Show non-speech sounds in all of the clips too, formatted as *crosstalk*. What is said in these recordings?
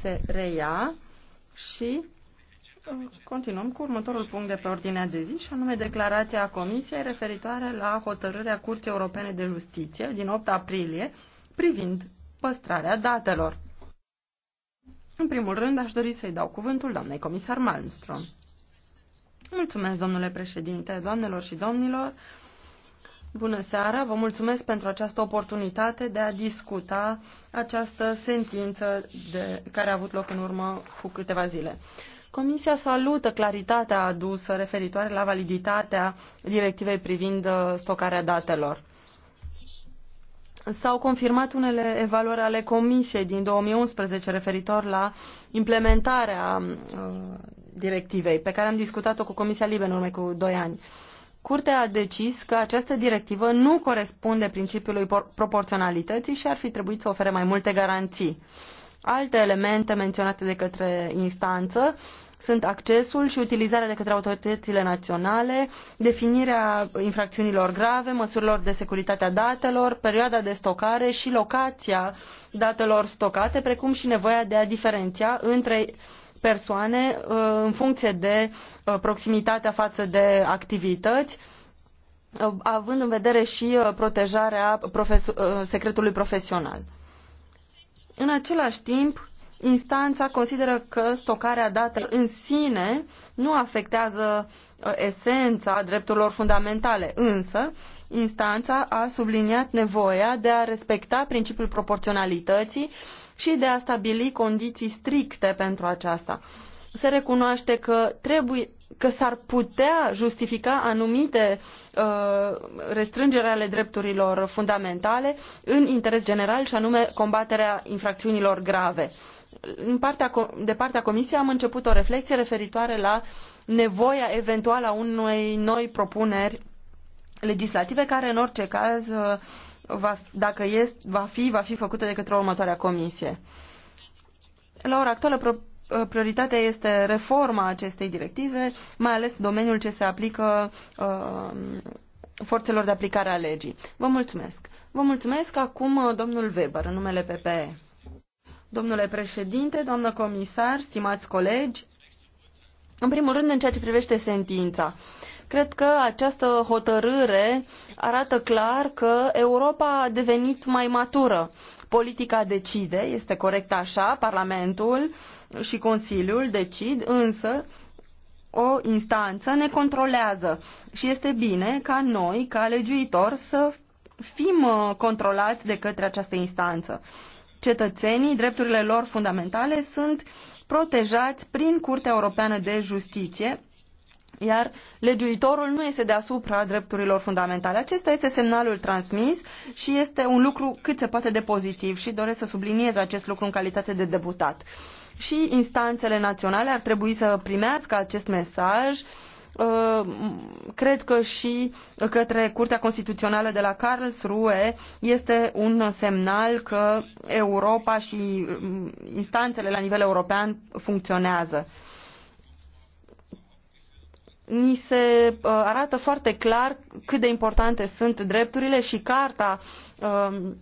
se reia și uh, continuăm cu următorul punct de pe ordinea de zi și anume declarația Comisiei referitoare la hotărârea Curții Europene de Justiție din 8 aprilie privind păstrarea datelor. În primul rând, aș dori să-i dau cuvântul doamnei comisar Malmström. Mulțumesc, domnule președinte, doamnelor și domnilor. Bună seara, vă mulțumesc pentru această oportunitate de a discuta această sentință de, care a avut loc în urmă cu câteva zile. Comisia salută claritatea adusă referitoare la validitatea directivei privind uh, stocarea datelor. S-au confirmat unele evaluări ale Comisiei din 2011 referitor la implementarea uh, directivei, pe care am discutat-o cu Comisia Libe în urmă cu 2 ani. Uh, Curtea a decis că această directivă nu corespunde principiului proporționalității și ar fi trebuit să ofere mai multe garanții. Alte elemente menționate de către instanță sunt accesul și utilizarea de către autoritățile naționale, definirea infracțiunilor grave, măsurilor de securitate a datelor, perioada de stocare și locația datelor stocate, precum și nevoia de a diferenția între persoane uh, în funcție de uh, proximitatea față de activități uh, având în vedere și protejarea profes secretului profesional. În același timp, instanța consideră că stocarea datelor în sine nu afectează esența drepturilor fundamentale, însă instanța a subliniat nevoia de a respecta principiul proporționalității și de a stabili condiții stricte pentru aceasta. Se recunoaște că trebuie că s-ar putea justifica anumite uh, restrângeri ale drepturilor fundamentale în interes general și anume combaterea infracțiunilor grave. În partea, de partea Comisiei am început o reflexie referitoare la nevoia eventuală a unei noi propuneri legislative care în orice caz uh, va, dacă este, va fi, va fi făcută de către următoarea comisie. La ora actuală, uh, prioritatea este reforma acestei directive, mai ales domeniul ce se aplică uh, forțelor de aplicare a legii. Vă mulțumesc. Vă mulțumesc acum uh, domnul Weber, în numele PPE. Domnule președinte, doamnă comisar, stimați colegi, în primul rând, în ceea ce privește sentința. Uh, Cred că această hotărâre arată clar că Europa a devenit mai matură. Politica decide, este corect așa, Parlamentul și Consiliul decid, însă o instanță ne controlează și este bine ca noi, ca legiuitori, să fim uh, controlați de către această instanță. Cetățenii, drepturile lor fundamentale sunt protejați prin Curtea Europeană de Justiție, iar legiuitorul nu este deasupra drepturilor fundamentale. Acesta este semnalul transmis și este un lucru cât se poate de pozitiv și doresc să subliniez acest lucru în calitate de deputat. Și instanțele naționale ar trebui să primească acest mesaj uh, cred că și către Curtea Constituțională de la Karlsruhe este un semnal că Europa și uh, instanțele la nivel european funcționează ni se uh, arată foarte clar cât de importante sunt drepturile și carta um,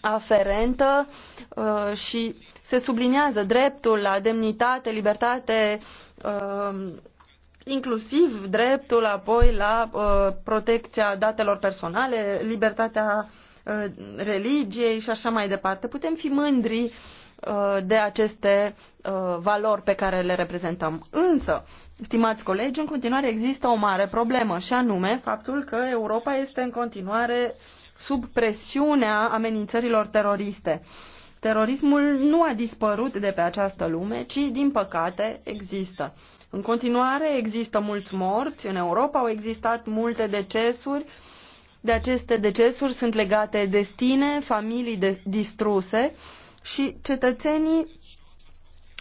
aferentă uh, și se subliniază dreptul la demnitate, libertate, um, inclusiv dreptul apoi la uh, protecția datelor personale, libertatea religiei și așa mai departe. Putem fi mândri Uh, de aceste uh, valori pe care le reprezentăm. Însă, stimați colegi, în continuare există o mare problemă și anume faptul că Europa este în continuare sub presiunea amenințărilor teroriste. Terorismul nu a dispărut de pe această lume, ci, din păcate, există. În continuare există mulți morți, în Europa au existat multe decesuri, de aceste decesuri sunt legate destine, familii de distruse, și cetățenii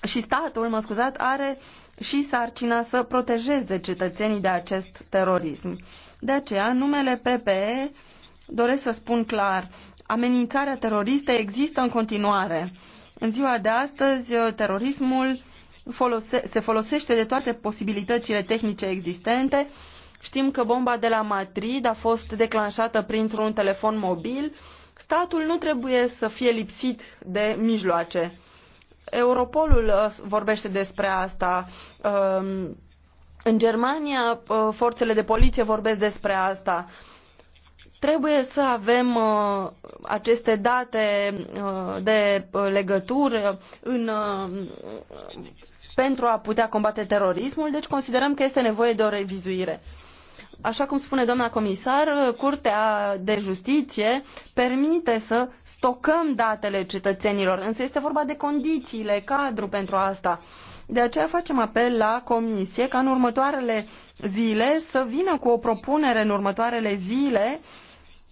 și statul, mă scuzat, are și sarcina să protejeze cetățenii de acest terorism. De aceea, numele PPE doresc să spun clar, amenințarea teroristă există în continuare. În ziua de astăzi, terorismul folose- se folosește de toate posibilitățile tehnice existente. Știm că bomba de la Madrid a fost declanșată printr-un telefon mobil Statul nu trebuie să fie lipsit de mijloace. Europolul uh, vorbește despre asta. Um, în Germania, uh, forțele de poliție vorbesc despre asta. Trebuie să avem uh, aceste date de legătură în, pentru a putea combate terorismul, deci considerăm că este nevoie de o revizuire așa cum spune doamna comisar, Curtea de Justiție permite să stocăm datele cetățenilor, însă este vorba de condițiile, cadru pentru asta. De aceea facem apel la Comisie ca în următoarele zile să vină cu o propunere în următoarele zile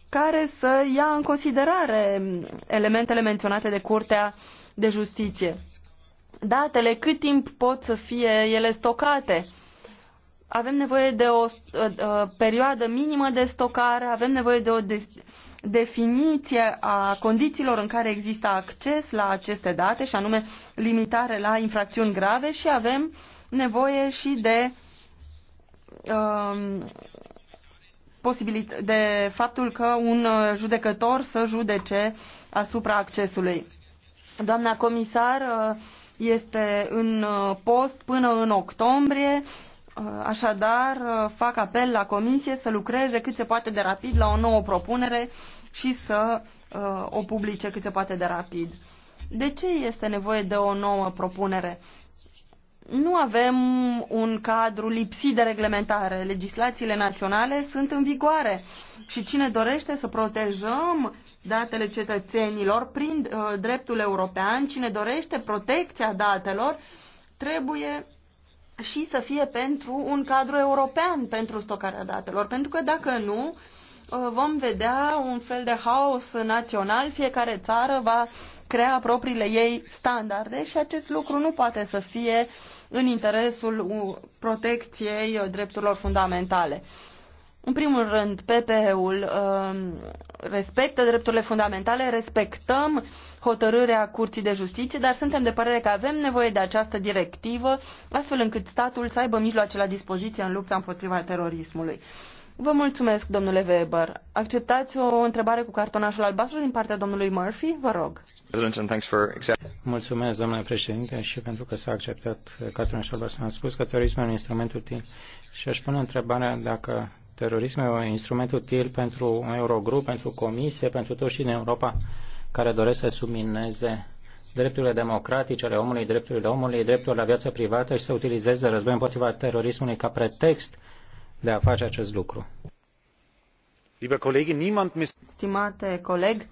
care să ia în considerare elementele menționate de Curtea de Justiție. Datele, cât timp pot să fie ele stocate? avem nevoie de o uh, uh, perioadă minimă de stocare, avem nevoie de o definiție a condițiilor în care există acces la aceste date și anume limitare la infracțiuni grave și avem nevoie și de um, de faptul că un judecător să judece asupra accesului. Doamna comisar uh, este în post până în octombrie. Uh, așadar, uh, fac apel la Comisie să lucreze cât se poate de rapid la o nouă propunere și să uh, o publice cât se poate de rapid. De ce este nevoie de o nouă propunere? Nu avem un cadru lipsit de reglementare. Legislațiile naționale sunt în vigoare și cine dorește să protejăm datele cetățenilor prin uh, dreptul european, cine dorește protecția datelor, trebuie și să fie pentru un cadru european pentru stocarea datelor, pentru că dacă nu, uh, vom vedea un fel de haos național, fiecare țară va crea propriile ei standarde și acest lucru nu poate să fie în interesul protecției drepturilor fundamentale. În primul rând, PPE-ul uh, respectă drepturile fundamentale, respectăm hotărârea Curții de Justiție, dar suntem de părere că avem nevoie de această directivă, astfel încât statul să aibă mijloace la dispoziție în lupta împotriva terorismului. Vă mulțumesc, domnule Weber. Acceptați o întrebare cu cartonașul albastru din partea domnului Murphy? Vă rog. Mulțumesc, domnule președinte, și pentru că s-a acceptat cartonașul albastru. Am spus că terorismul e un instrument util și aș pune întrebarea dacă terorismul e un instrument util pentru un Eurogrup, pentru Comisie, pentru toți și în Europa care doresc să submineze drepturile democratice ale omului, drepturile omului, drepturile la viață privată și să utilizeze război împotriva terorismului ca pretext de a face acest lucru. Stimate coleg,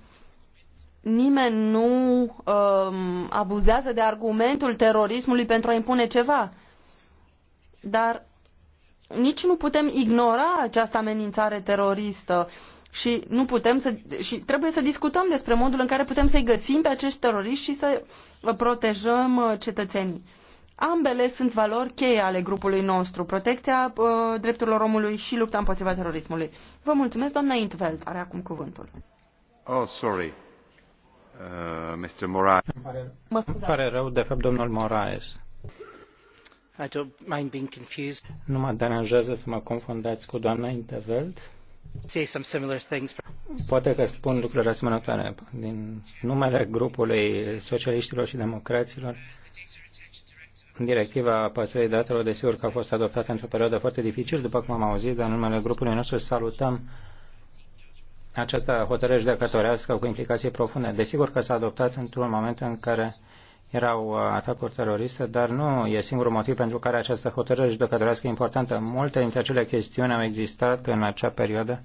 nimeni nu um, abuzează de argumentul terorismului pentru a impune ceva. Dar nici nu putem ignora această amenințare teroristă. Uh, și nu putem să și trebuie să discutăm despre modul în care putem să-i găsim pe acești teroriști și să uh, protejăm uh, cetățenii. Ambele sunt valori cheie ale grupului nostru, protecția uh, drepturilor omului și lupta împotriva terorismului. Vă mulțumesc, doamna Intveld, are acum cuvântul. Oh, sorry. Uh, Mr. Moraes. Mă scuzați. pare rău, de fapt, domnul Moraes. I don't mind being confused. Nu mă deranjează să mă confundați cu doamna Intveld. Poate că spun lucrurile asemănătoare. Din numele grupului socialiștilor și democraților, directiva păstrării datelor, desigur că a fost adoptată într-o perioadă foarte dificilă, după cum am auzit, dar în numele grupului nostru salutăm această hotărâre judecătorească cu implicații profunde. Desigur că s-a adoptat într-un moment în care erau uh, atacuri teroriste, dar nu e singurul motiv pentru care această hotărâre judecătorească e importantă. Multe dintre acele chestiuni au existat în acea perioadă,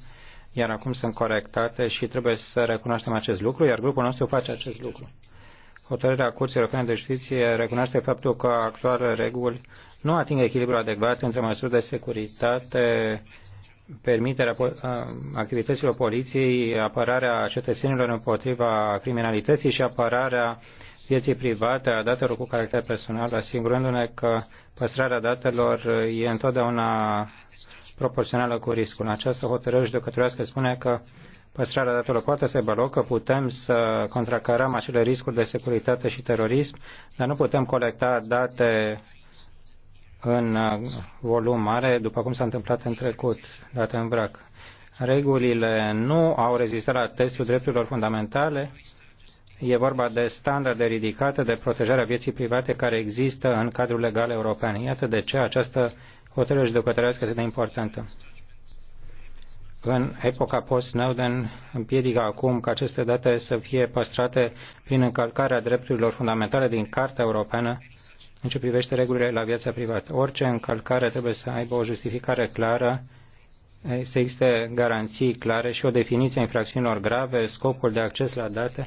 iar acum sunt corectate și trebuie să recunoaștem acest lucru, iar grupul nostru face acest lucru. Hotărârea Curții Europene de Justiție recunoaște faptul că actualele reguli nu ating echilibrul adecvat între măsuri de securitate, permiterea activităților poliției, apărarea cetățenilor împotriva criminalității și apărarea uh, vieții private a datelor cu caracter personal, asigurându-ne că păstrarea datelor e întotdeauna proporțională cu riscul. Această hotărâre judecătorească spune că păstrarea datelor poate să aibă loc, că putem să contracarăm acele riscuri de securitate și terorism, dar nu putem colecta date în volum mare, după cum s-a întâmplat în trecut, date în vrac. Regulile nu au rezistat la testul drepturilor fundamentale E vorba de standarde ridicate de protejarea vieții private care există în cadrul legal european. Iată de ce această hotărâre judecătorească este de importantă. În epoca post-Snowden împiedică acum ca aceste date să fie păstrate prin încălcarea drepturilor fundamentale din Carta Europeană în ce privește regulile la viața privată. Orice încălcare trebuie să aibă o justificare clară să existe garanții clare și o definiție a infracțiunilor grave, scopul de acces la date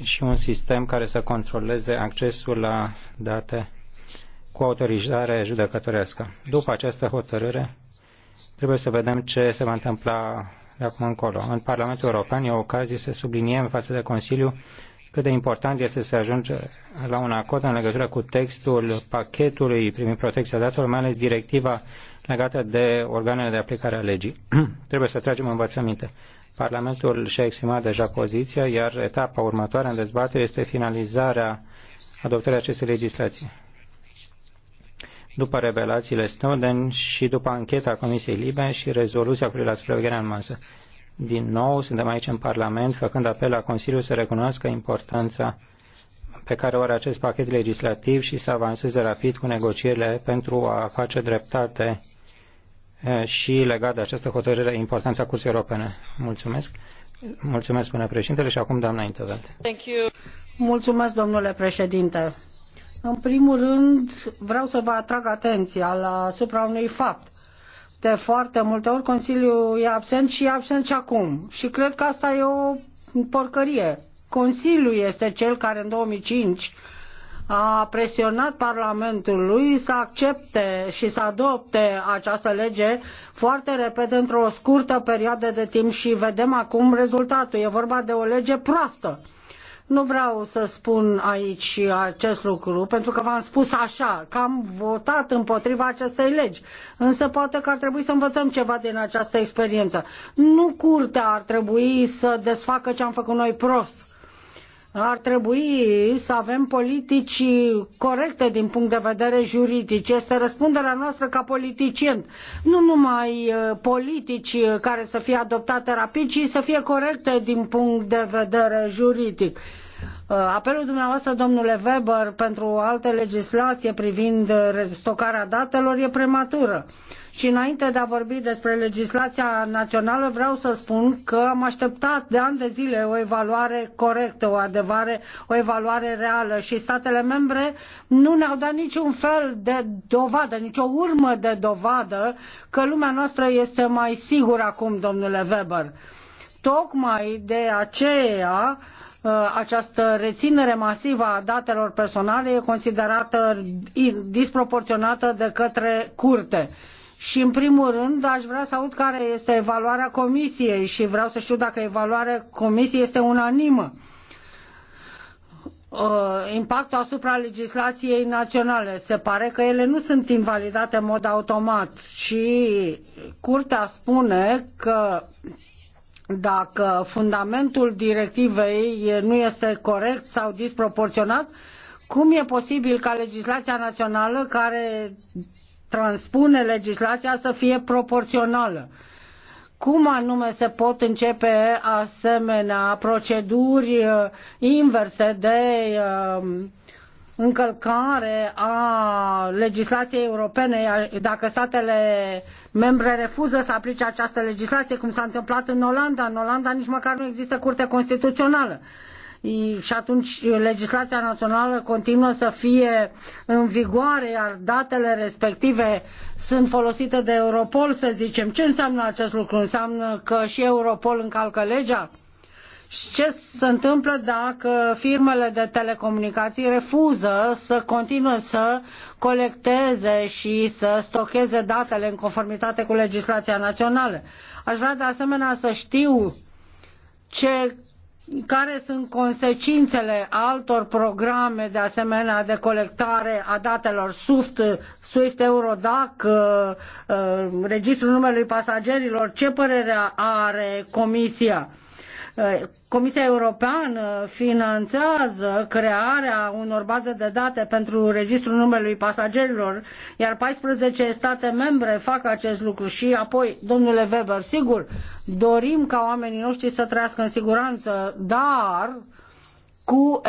și un sistem care să controleze accesul la date cu autorizare judecătorească. După această hotărâre, trebuie să vedem ce se va întâmpla de acum încolo. În Parlamentul European e o ocazie să subliniem față de Consiliu cât de important este să ajunge la un acord în legătură cu textul pachetului privind protecția datelor, mai ales directiva legată de organele de aplicare a legii. *clears throat* trebuie să tragem învățăminte. Parlamentul și-a exprimat deja poziția, iar etapa următoare în dezbatere este finalizarea adoptării acestei legislații. După revelațiile Snowden și după ancheta Comisiei Libe și rezoluția cu la supravegherea în masă. Din nou, suntem aici în Parlament, făcând apel la Consiliu să recunoască importanța pe care o are acest pachet legislativ și să avanseze rapid cu negocierile pentru a face dreptate Eh, și legat de această hotărâre importanța Curții Europene. Mulțumesc. Mulțumesc, până președintele, și acum doamna Intervent. Mulțumesc, domnule președinte. În primul rând, vreau să vă atrag atenția la, asupra unui fapt. De foarte multe ori Consiliul e absent și e absent și acum. Și cred că asta e o porcărie. Consiliul este cel care în 2005 a presionat Parlamentul lui să accepte și să adopte această lege foarte repede într-o scurtă perioadă de timp și vedem acum rezultatul. E vorba de o lege proastă. Nu vreau să spun aici acest lucru, pentru că v-am spus așa, că am votat împotriva acestei legi. Însă poate că ar trebui să învățăm ceva din această experiență. Nu curtea ar trebui să desfacă ce am făcut noi prost ar trebui să avem politici corecte din punct de vedere juridic. Este răspunderea noastră ca politicieni. Nu numai uh, politici care să fie adoptate rapid, ci să fie corecte din punct de vedere juridic. Uh, apelul dumneavoastră, domnule Weber, pentru o altă legislație privind uh, stocarea datelor e prematură și înainte de a vorbi despre legislația națională, vreau să spun că am așteptat de ani de zile o evaluare corectă, o adevare, o evaluare reală și statele membre nu ne-au dat niciun fel de dovadă, nicio urmă de dovadă că lumea noastră este mai sigură acum, domnule Weber. Tocmai de aceea uh, această reținere masivă a datelor personale e considerată disproporționată de către curte și în primul rând aș vrea să aud care este evaluarea comisiei și vreau să știu dacă evaluarea comisiei este unanimă uh, impactul asupra legislației naționale. Se pare că ele nu sunt invalidate în mod automat și curtea spune că dacă fundamentul directivei nu este corect sau disproporționat, cum e posibil ca legislația națională care transpune legislația să fie proporțională. Cum anume se pot începe asemenea proceduri uh, inverse de uh, încălcare a legislației europene dacă statele membre refuză să aplice această legislație, cum s-a întâmplat în Olanda. În Olanda nici măcar nu există curte constituțională și atunci legislația națională continuă să fie în vigoare, iar datele respective sunt folosite de Europol, să zicem. Ce înseamnă acest lucru? Înseamnă că și Europol încalcă legea? Și ce se întâmplă dacă firmele de telecomunicații refuză să continue să colecteze și să stocheze datele în conformitate cu legislația națională? Aș vrea de asemenea să știu ce care sunt consecințele altor programe de asemenea de colectare a datelor SWIFT, SWIFT Eurodac, uh, uh, registrul numelui pasagerilor, ce părere are Comisia? Uh, Comisia Europeană finanțează crearea unor baze de date pentru registrul numelui pasagerilor, iar 14 state membre fac acest lucru și apoi, domnule Weber, sigur, dorim ca oamenii noștri să trăiască în siguranță, dar cu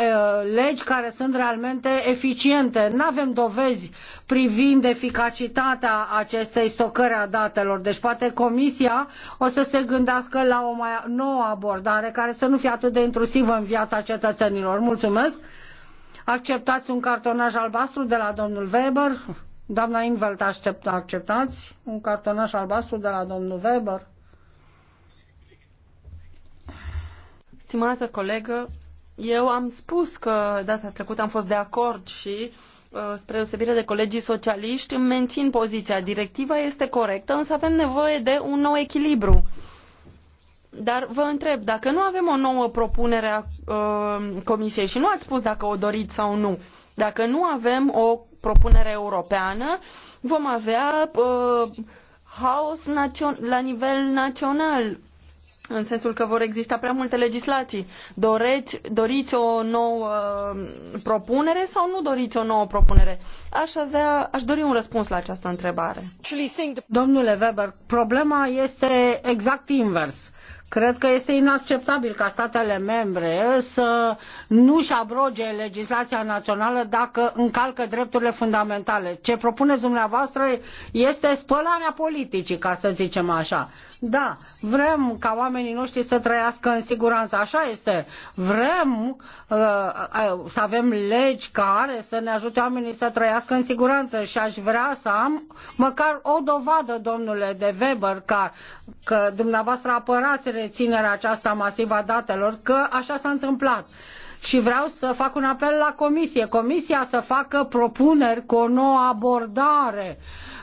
legi care sunt realmente eficiente. Nu avem dovezi privind eficacitatea acestei stocări a datelor. Deci poate Comisia o să se gândească la o mai nouă abordare care să nu fie atât de intrusivă în viața cetățenilor. Mulțumesc! Acceptați un cartonaș albastru de la domnul Weber? Doamna Invelt, aștept, acceptați un cartonaș albastru de la domnul Weber? Stimată colegă, eu am spus că data trecută am fost de acord și uh, spre deosebire de colegii socialiști, mențin poziția. Directiva este corectă, însă avem nevoie de un nou echilibru. Dar vă întreb, dacă nu avem o nouă propunere a uh, Comisiei și nu ați spus dacă o doriți sau nu, dacă nu avem o propunere europeană, vom avea uh, haos la nivel național în sensul că vor exista prea multe legislații. Doreți, doriți o nouă uh, propunere sau nu doriți o nouă propunere? Aș, avea, aș dori un răspuns la această întrebare. Domnule Weber, problema este exact invers Cred că este inacceptabil ca statele membre să nu-și abroge legislația națională dacă încalcă drepturile fundamentale. Ce propuneți dumneavoastră este spălarea politicii, ca să zicem așa. Da, vrem ca oamenii noștri să trăiască în siguranță, așa este. Vrem uh, uh să avem legi care să ne ajute oamenii să trăiască în siguranță și aș vrea să am măcar o dovadă, domnule de Weber, ca, că dumneavoastră apărați reținerea aceasta masivă a datelor, că așa s-a întâmplat. Și vreau să fac un apel la comisie. Comisia să facă propuneri cu o nouă abordare,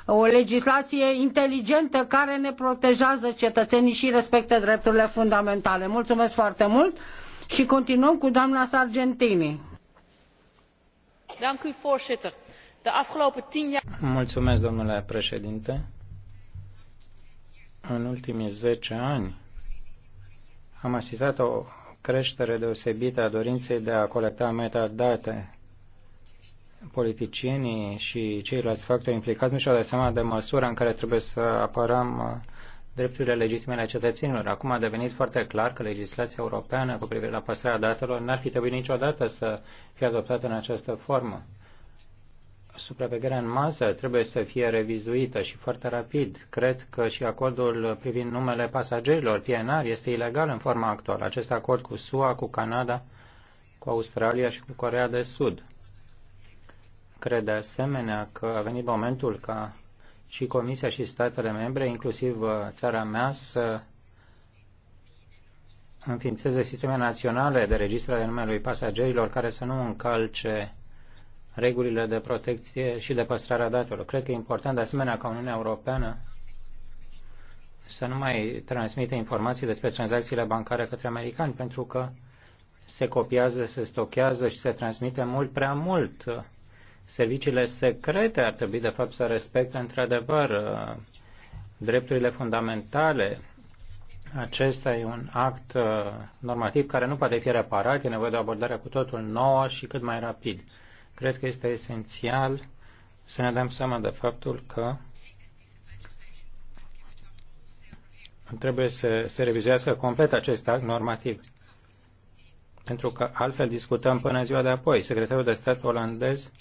o legislație inteligentă care ne protejează cetățenii și respectă drepturile fundamentale. Mulțumesc foarte mult și continuăm cu doamna Sargentini. Mulțumesc, domnule președinte. În ultimii zece ani, am asistat o creștere deosebită a dorinței de a colecta metadate. Politicienii și ceilalți factori implicați nu și-au dat seama de măsura în care trebuie să apărăm uh, drepturile legitime ale cetățenilor. Acum a devenit foarte clar că legislația europeană cu privire la păstrarea datelor n-ar fi trebuit niciodată să fie adoptată în această formă supravegherea în masă trebuie să fie revizuită și foarte rapid. Cred că și acordul privind numele pasagerilor, PNR, este ilegal în forma actuală. Acest acord cu SUA, cu Canada, cu Australia și cu Corea de Sud. Cred de asemenea că a venit momentul ca și Comisia și statele membre, inclusiv uh, țara mea, să înființeze sisteme naționale de registrare numelui pasagerilor care să nu încalce regulile de protecție și de păstrarea datelor. Cred că e important de asemenea ca Uniunea Europeană să nu mai transmită informații despre tranzacțiile bancare către americani, pentru că se copiază, se stochează și se transmite mult prea mult. Serviciile secrete ar trebui, de fapt, să respecte într-adevăr drepturile fundamentale. Acesta e un act uh, normativ care nu poate fi reparat, e nevoie de o abordare cu totul nouă și cât mai rapid. Cred că este esențial să ne dăm seama de faptul că trebuie să se revizuiască complet acest act normativ. Pentru că altfel discutăm până ziua de apoi. Secretarul de stat olandez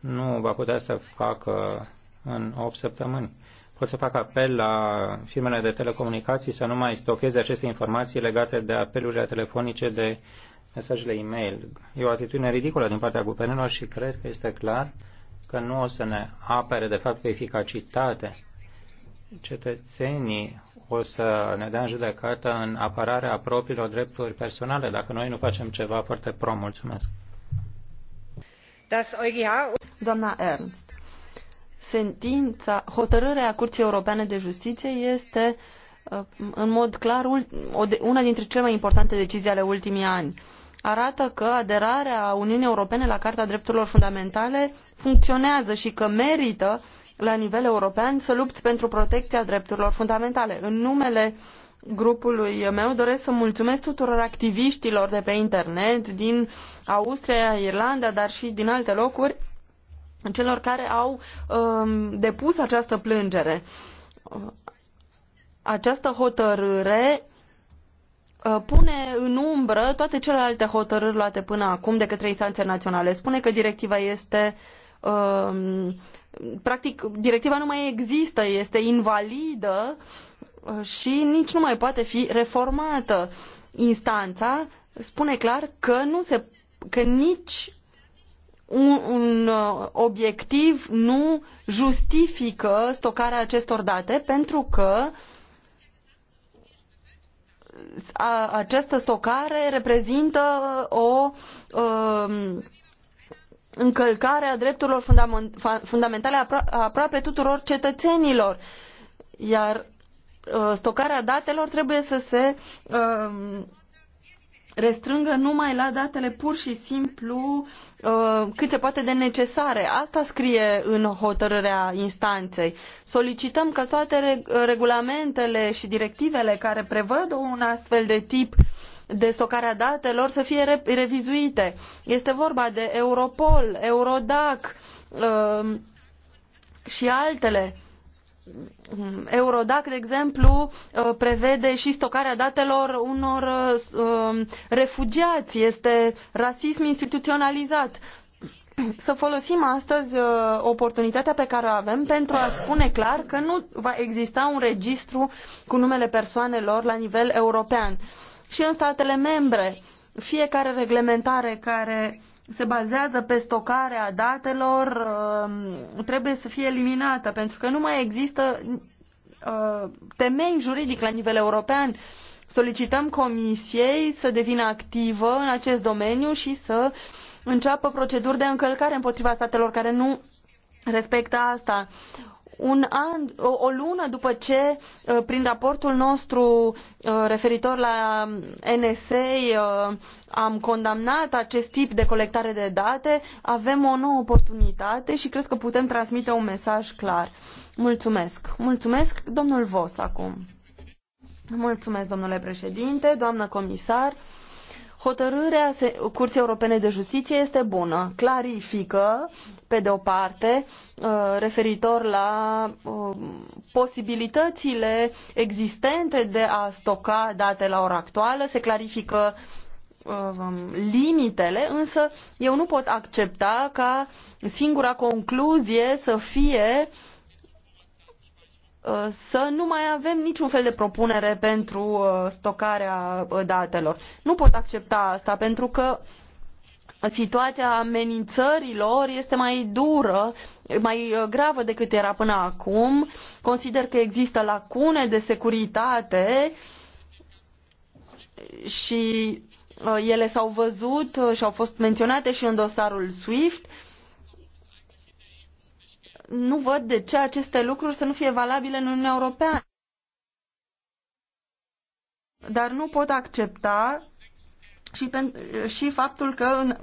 nu va putea să facă în 8 săptămâni. Pot să fac apel la firmele de telecomunicații să nu mai stocheze aceste informații legate de apelurile telefonice de mesajele e-mail. E o atitudine ridicolă din partea guvernelor și cred că este clar că nu o să ne apere de fapt cu eficacitate. Cetățenii o să ne dea în judecată în apărarea propriilor drepturi personale dacă noi nu facem ceva foarte pro. Mulțumesc. Doamna Ernst, sentința, hotărârea Curții Europene de Justiție este uh, în mod clar una dintre cele mai importante decizii ale ultimii ani arată că aderarea Uniunii Europene la Carta Drepturilor Fundamentale funcționează și că merită la nivel european să lupți pentru protecția drepturilor fundamentale. În numele grupului meu doresc să mulțumesc tuturor activiștilor de pe internet din Austria, Irlanda, dar și din alte locuri, celor care au um, depus această plângere. Această hotărâre Uh, pune în umbră toate celelalte hotărâri luate până acum de către instanțe naționale. Spune că directiva este um, practic directiva nu mai există, este invalidă uh, și nici nu mai poate fi reformată. Instanța spune clar că nu se că nici un, un uh, obiectiv nu justifică stocarea acestor date pentru că uh, această stocare reprezintă o um, încălcare a drepturilor fundamentale aproape tuturor cetățenilor. Iar uh, stocarea datelor trebuie să se um, restrângă numai la datele pur și simplu uh, cât se poate de necesare. Asta scrie în hotărârea instanței. Solicităm că toate regulamentele și directivele care prevăd un astfel de tip de stocare a datelor să fie revizuite. Este vorba de Europol, Eurodac uh, și altele Eurodac, de exemplu, uh, prevede și stocarea datelor unor uh, refugiați. Este rasism instituționalizat. Să folosim astăzi uh, oportunitatea pe care o avem pentru a spune clar că nu va exista un registru cu numele persoanelor la nivel european. Și în statele membre, fiecare reglementare care se bazează pe stocarea datelor uh, trebuie să fie eliminată, pentru că nu mai există uh, temei juridic la nivel european. Solicităm Comisiei să devină activă în acest domeniu și să înceapă proceduri de încălcare împotriva statelor care nu respectă asta un an, o, o lună după ce, uh, prin raportul nostru uh, referitor la NSA, uh, am condamnat acest tip de colectare de date, avem o nouă oportunitate și cred că putem transmite un mesaj clar. Mulțumesc. Mulțumesc, domnul Vos, acum. Mulțumesc, domnule președinte, doamnă comisar. Hotărârea Curții Europene de Justiție este bună. Clarifică, pe de o parte, uh, referitor la uh, posibilitățile existente de a stoca date la ora actuală, se clarifică uh, limitele, însă eu nu pot accepta ca singura concluzie să fie uh, Uh, să nu mai avem niciun fel de propunere pentru uh, stocarea uh, datelor. Nu pot accepta asta pentru că situația amenințărilor este mai dură, mai gravă decât era până acum. Consider că există lacune de securitate și ele s-au văzut și au fost menționate și în dosarul SWIFT nu văd de ce aceste lucruri să nu fie valabile în Uniunea Europeană. Dar nu pot accepta și, pen, și faptul că în,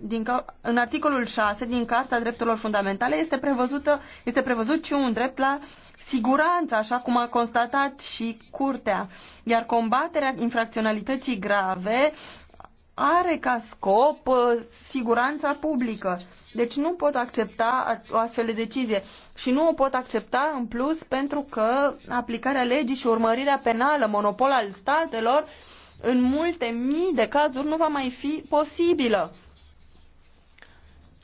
din, în articolul 6 din Carta Drepturilor Fundamentale este, prevăzută, este prevăzut și un drept la siguranță, așa cum a constatat și Curtea. Iar combaterea infracționalității grave are ca scop uh, siguranța publică. Deci nu pot accepta o astfel de decizie și nu o pot accepta în plus pentru că aplicarea legii și urmărirea penală, monopol al statelor, în multe mii de cazuri nu va mai fi posibilă.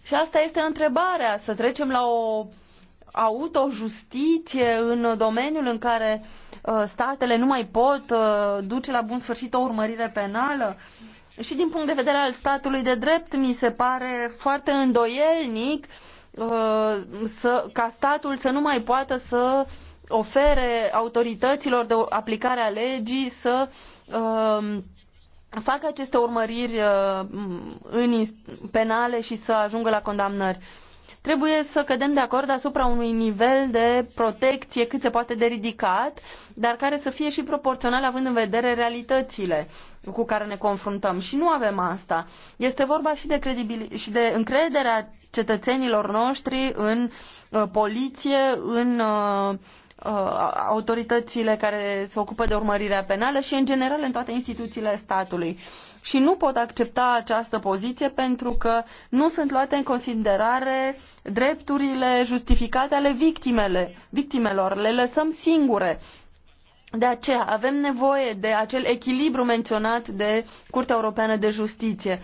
Și asta este întrebarea, să trecem la o autojustiție în domeniul în care uh, statele nu mai pot uh, duce la bun sfârșit o urmărire penală. Uh, și din punct de vedere al statului de drept mi se pare foarte îndoielnic uh, să, ca statul să nu mai poată să ofere autorităților de aplicare a legii să uh, facă aceste urmăriri uh, în, penale și să ajungă la condamnări. Trebuie să cădem de acord asupra unui nivel de protecție cât se poate de ridicat, dar care să fie și proporțional având în vedere realitățile cu care ne confruntăm. Și nu avem asta. Este vorba și de, credibil- și de încrederea cetățenilor noștri în uh, poliție, în uh, uh autoritățile care se ocupă de urmărirea penală și, în general, în toate instituțiile statului și nu pot accepta această poziție pentru că nu sunt luate în considerare drepturile justificate ale victimele, victimelor. Le lăsăm singure. De aceea avem nevoie de acel echilibru menționat de Curtea Europeană de Justiție.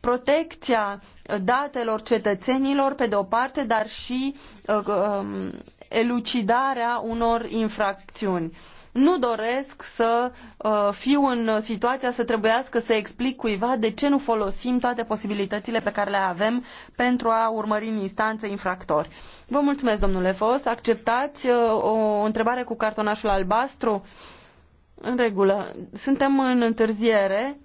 Protecția datelor cetățenilor, pe de o parte, dar și uh, um, elucidarea unor infracțiuni. Uh, nu doresc să uh, fiu în situația să trebuiască să explic cuiva de ce nu folosim toate posibilitățile pe care le avem pentru a urmări în instanță infractori. Vă mulțumesc, domnule Fos. Acceptați uh, o întrebare cu cartonașul albastru? În regulă. Suntem în întârziere.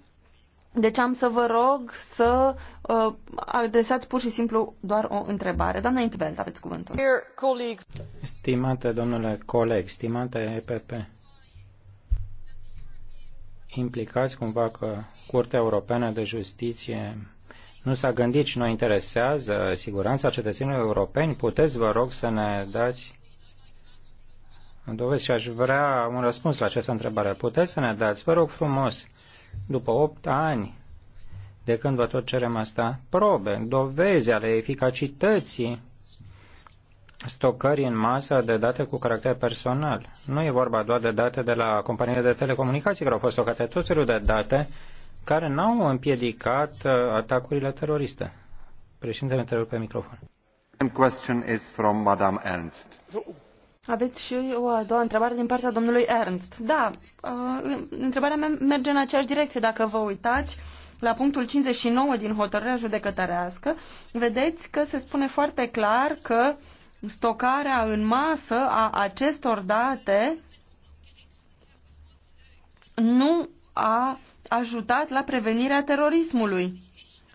Deci am să vă rog să uh, adresați pur și simplu doar o întrebare. Doamna Intveld, aveți cuvântul. Stimate domnule coleg, stimate EPP, implicați cumva că Curtea Europeană de Justiție nu s-a gândit și nu interesează siguranța cetățenilor europeni? Puteți, vă rog, să ne dați dovezi și aș vrea un răspuns la această întrebare. Puteți să ne dați, vă rog frumos, după 8 ani de când vă tot cerem asta, probe, dovezi ale eficacității stocării în masă de date cu caracter personal. Nu e vorba doar de date de la companiile de telecomunicații care au fost stocate, tot felul de date care n-au împiedicat uh, atacurile teroriste. Președintele te pe microfon. Question is from Madame Ernst. Aveți și o a doua întrebare din partea domnului Ernst. Da, uh, întrebarea mea merge în aceeași direcție. Dacă vă uitați, la punctul 59 din hotărârea judecătărească, vedeți că se spune foarte clar că uh, stocarea în masă a acestor date nu a ajutat la prevenirea terorismului.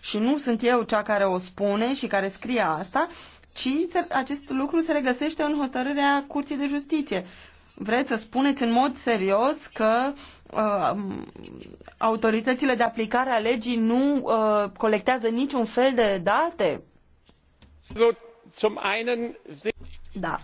Și nu sunt eu cea care o spune și care scrie asta, ci acest lucru se regăsește în hotărârea Curții de Justiție. Vreți să spuneți în mod serios că uh, autoritățile de aplicare a legii nu uh, colectează niciun fel de date? da.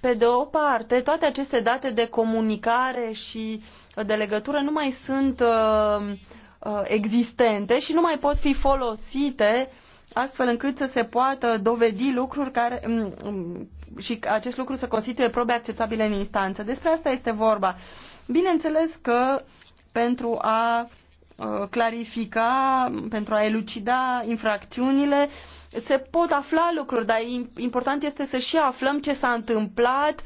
Pe de o parte, toate aceste date de comunicare și uh, de legătură nu mai sunt uh, uh, existente și nu mai pot fi folosite astfel încât să se poată dovedi lucruri care mm, mm, și acest lucru să constituie probe acceptabile în instanță. Despre asta este vorba. Bineînțeles că pentru a uh, clarifica, pentru a elucida infracțiunile, se pot afla lucruri, dar important este să și aflăm ce s-a întâmplat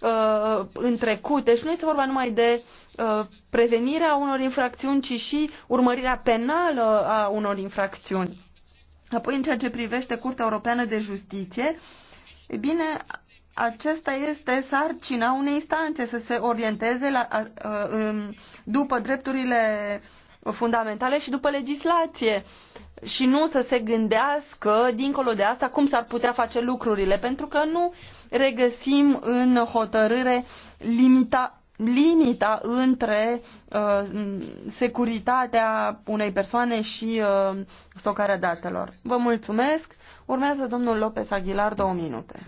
uh, în trecut. Deci nu este vorba numai de uh, prevenirea unor infracțiuni, ci și urmărirea penală a unor infracțiuni. Apoi, în ceea ce privește Curtea Europeană de Justiție, e bine, acesta este sarcina unei instanțe să se orienteze la, după drepturile fundamentale și după legislație și nu să se gândească dincolo de asta cum s-ar putea face lucrurile, pentru că nu regăsim în hotărâre limita, limita între uh, securitatea unei persoane și uh, stocarea datelor. Vă mulțumesc! Urmează domnul López Aguilar două minute.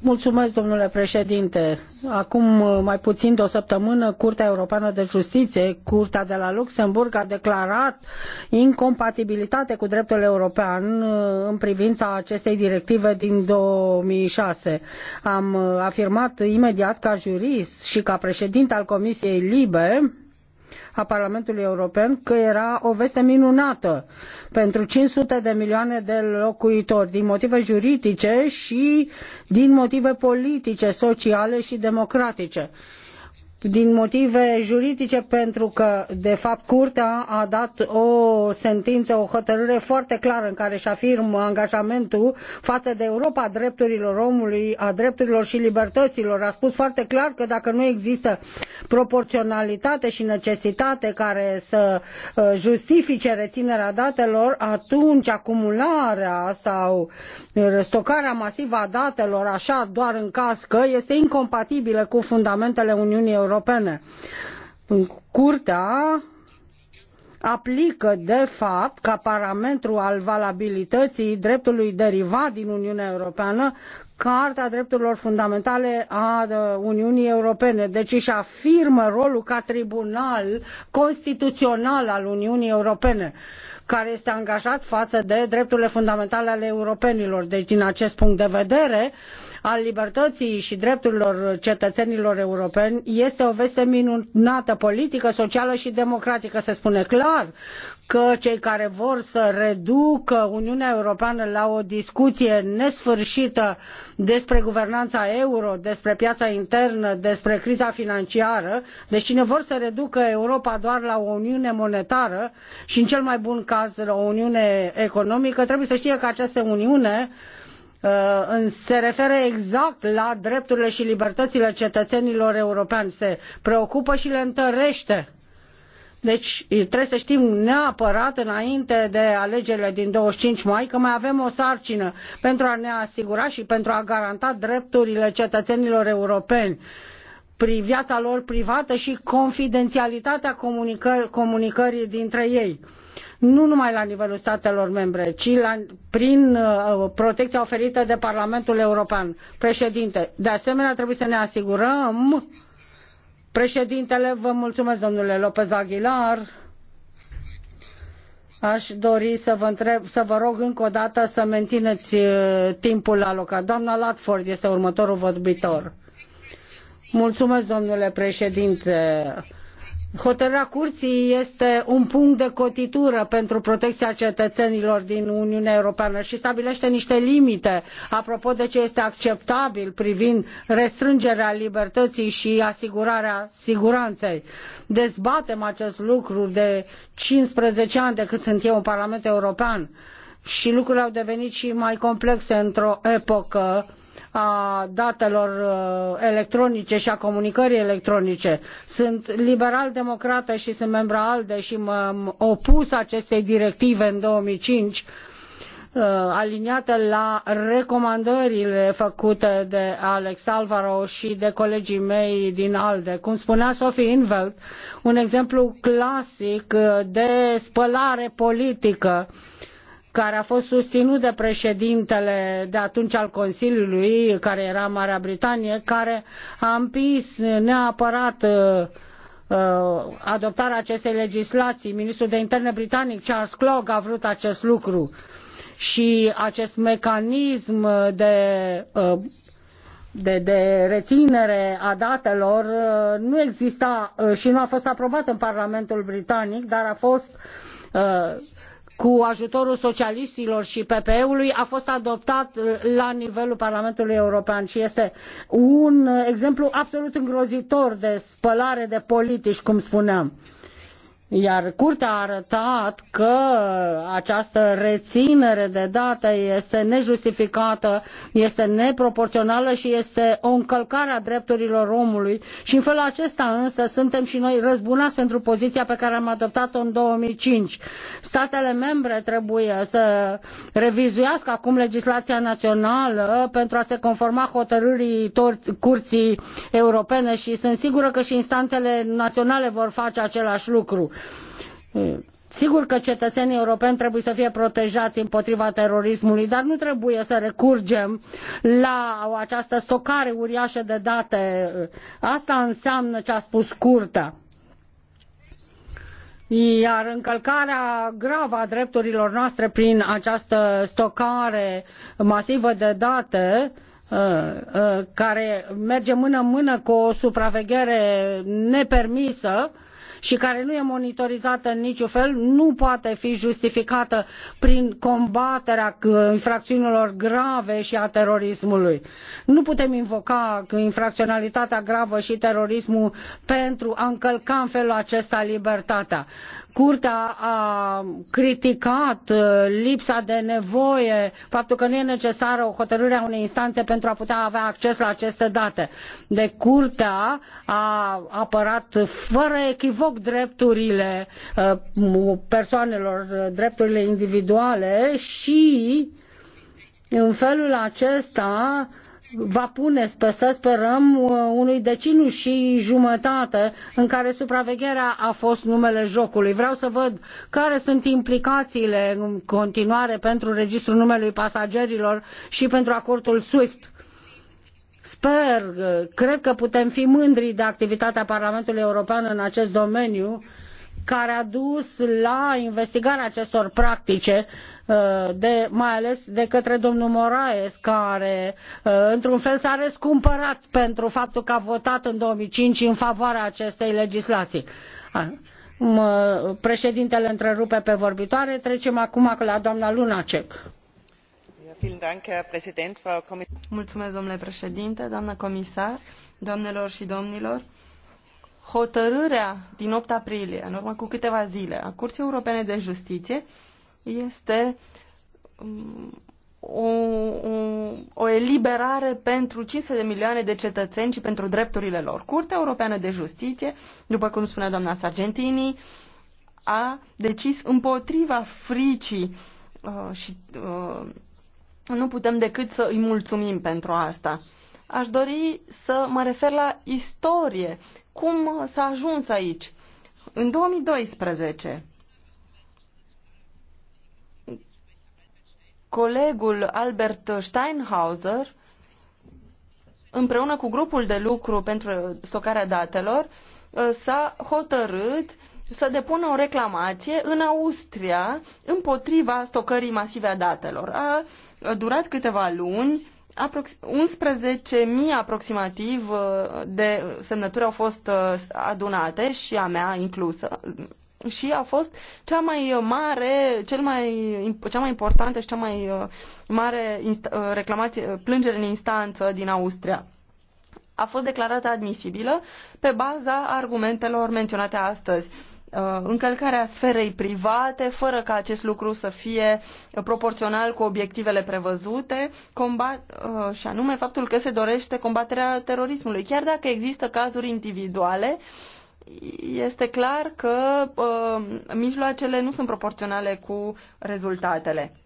Mulțumesc, domnule președinte. Acum uh, mai puțin de o săptămână, Curtea Europeană de Justiție, Curtea de la Luxemburg, a declarat incompatibilitate cu dreptul european uh, în privința acestei directive din 2006. Am uh, afirmat imediat ca jurist și ca președinte al Comisiei Libe a Parlamentului European că era o veste minunată pentru 500 de milioane de locuitori din motive juridice și din motive politice, sociale și democratice din motive juridice pentru că, de fapt, curtea a dat o sentință, o hotărâre foarte clară în care își afirmă angajamentul față de Europa a drepturilor omului, a drepturilor și libertăților. A spus foarte clar că dacă nu există proporționalitate și necesitate care să uh, justifice reținerea datelor, atunci acumularea sau stocarea masivă a datelor, așa doar în caz că, este incompatibilă cu fundamentele Uniunii Europene Europene. Curtea aplică de fapt ca parametru al valabilității dreptului derivat din Uniunea Europeană Carta Drepturilor Fundamentale a Uniunii Europene. Deci își afirmă rolul ca tribunal constituțional al Uniunii Europene care este angajat față de drepturile fundamentale ale europenilor. Deci, din acest punct de vedere, al libertății și drepturilor cetățenilor europeni este o veste minunată politică, socială și democratică, se spune clar că cei care vor să reducă Uniunea Europeană la o discuție nesfârșită despre guvernanța euro, despre piața internă, despre criza financiară, deci cine vor să reducă Europa doar la o Uniune monetară și în cel mai bun caz la o Uniune economică, trebuie să știe că această Uniune uh, se referă exact la drepturile și libertățile cetățenilor europeni, se preocupă și le întărește deci trebuie să știm neapărat înainte de alegerile din 25 mai că mai avem o sarcină pentru a ne asigura și pentru a garanta drepturile cetățenilor europeni viața lor privată și confidențialitatea comunicării dintre ei nu numai la nivelul statelor membre, ci la, prin uh, protecția oferită de Parlamentul European. Președinte, de asemenea trebuie să ne asigurăm uh, Președintele, vă mulțumesc, domnule Lopez Aguilar. Aș dori să vă, întreb, să vă rog încă o dată să mențineți uh, timpul alocat. Doamna Latford este următorul vorbitor. Mulțumesc, domnule președinte. Hotărârea curții este un punct de cotitură pentru protecția cetățenilor din Uniunea Europeană și stabilește niște limite apropo de ce este acceptabil privind restrângerea libertății și asigurarea siguranței. Dezbatem acest lucru de 15 ani de când sunt eu în Parlamentul European și lucrurile au devenit și mai complexe într-o epocă a datelor uh, electronice și a comunicării electronice. Sunt liberal-democrată și sunt membra ALDE și m-am opus acestei directive în 2005 uh, aliniată la recomandările făcute de Alex Alvaro și de colegii mei din ALDE. Cum spunea Sophie Invelt, un exemplu clasic de spălare politică uh, care a fost susținut de președintele de atunci al Consiliului, care era Marea Britanie, care a împins neapărat uh, uh, adoptarea acestei legislații. Ministrul de interne britanic, Charles Clogg, a vrut acest lucru și acest mecanism de, uh, de, de reținere a datelor nu exista și nu a fost aprobat în Parlamentul Britanic, dar a fost cu ajutorul socialiștilor și PPE-ului a fost adoptat uh, la nivelul Parlamentului European și este un uh, exemplu absolut îngrozitor de spălare de politici, cum spuneam. Iar curtea a arătat că această reținere de date este nejustificată, este neproporțională și este o încălcare a drepturilor omului și în felul acesta însă suntem și noi răzbunați pentru poziția pe care am adoptat-o în 2005. Statele membre trebuie să revizuiască acum legislația națională pentru a se conforma hotărârii Curții Europene și sunt sigură că și instanțele naționale vor face același lucru Sigur că cetățenii europeni trebuie să fie protejați împotriva terorismului, dar nu trebuie să recurgem la această stocare uriașă de date. Asta înseamnă ce a spus curtea. Iar încălcarea gravă a drepturilor noastre prin această stocare masivă de date care merge mână-mână cu o supraveghere nepermisă, și care nu e monitorizată în niciun fel, nu poate fi justificată prin combaterea infracțiunilor grave și a terorismului. Nu putem invoca infracționalitatea gravă și terorismul pentru a încălca în felul acesta libertatea. Curtea a criticat uh, lipsa de nevoie, faptul că nu e necesară o hotărâre a unei instanțe pentru a putea avea acces la aceste date. De deci Curtea a apărat fără echivoc drepturile uh, persoanelor, drepturile individuale și în felul acesta va pune, să sperăm, uh, unui deceniu și jumătate în care supravegherea a fost numele jocului. Vreau să văd care sunt implicațiile în continuare pentru registrul numelui pasagerilor și pentru acordul SWIFT. Sper, uh, cred că putem fi mândri de activitatea Parlamentului European în acest domeniu care a dus la investigarea acestor practice Uh, de, mai ales de către domnul Moraes, care uh, într-un fel s-a răscumpărat pentru faptul că a votat în 2005 în favoarea acestei legislații. Președintele întrerupe pe vorbitoare. Trecem acum la doamna Lunacek. Mulțumesc, domnule președinte, doamnă comisar, doamnelor și domnilor hotărârea din 8 aprilie, în urmă cu câteva zile, a Curții Europene de Justiție este um, o, o, o eliberare pentru 500 de milioane de cetățeni și pentru drepturile lor. Curtea Europeană de Justiție, după cum spunea doamna Sargentini, a decis împotriva fricii uh, și uh, nu putem decât să îi mulțumim pentru asta. Aș dori să mă refer la istorie. Cum s-a ajuns aici? În 2012, colegul Albert Steinhauser, împreună cu grupul de lucru pentru stocarea datelor, s-a hotărât să depună o reclamație în Austria împotriva stocării masive a datelor. A durat câteva luni, 11.000 aproximativ uh, de semnături au fost uh, adunate și a mea inclusă, și a fost cea mai uh, mare, cel mai, cea mai importantă și cea mai uh, mare uh, reclamație, plângere în instanță din Austria. A fost declarată admisibilă pe baza argumentelor menționate astăzi încălcarea sferei private, fără ca acest lucru să fie proporțional cu obiectivele prevăzute, combat, și anume faptul că se dorește combaterea terorismului, chiar dacă există cazuri individuale uh, este clar că uh, mijloacele nu sunt proporționale cu rezultatele.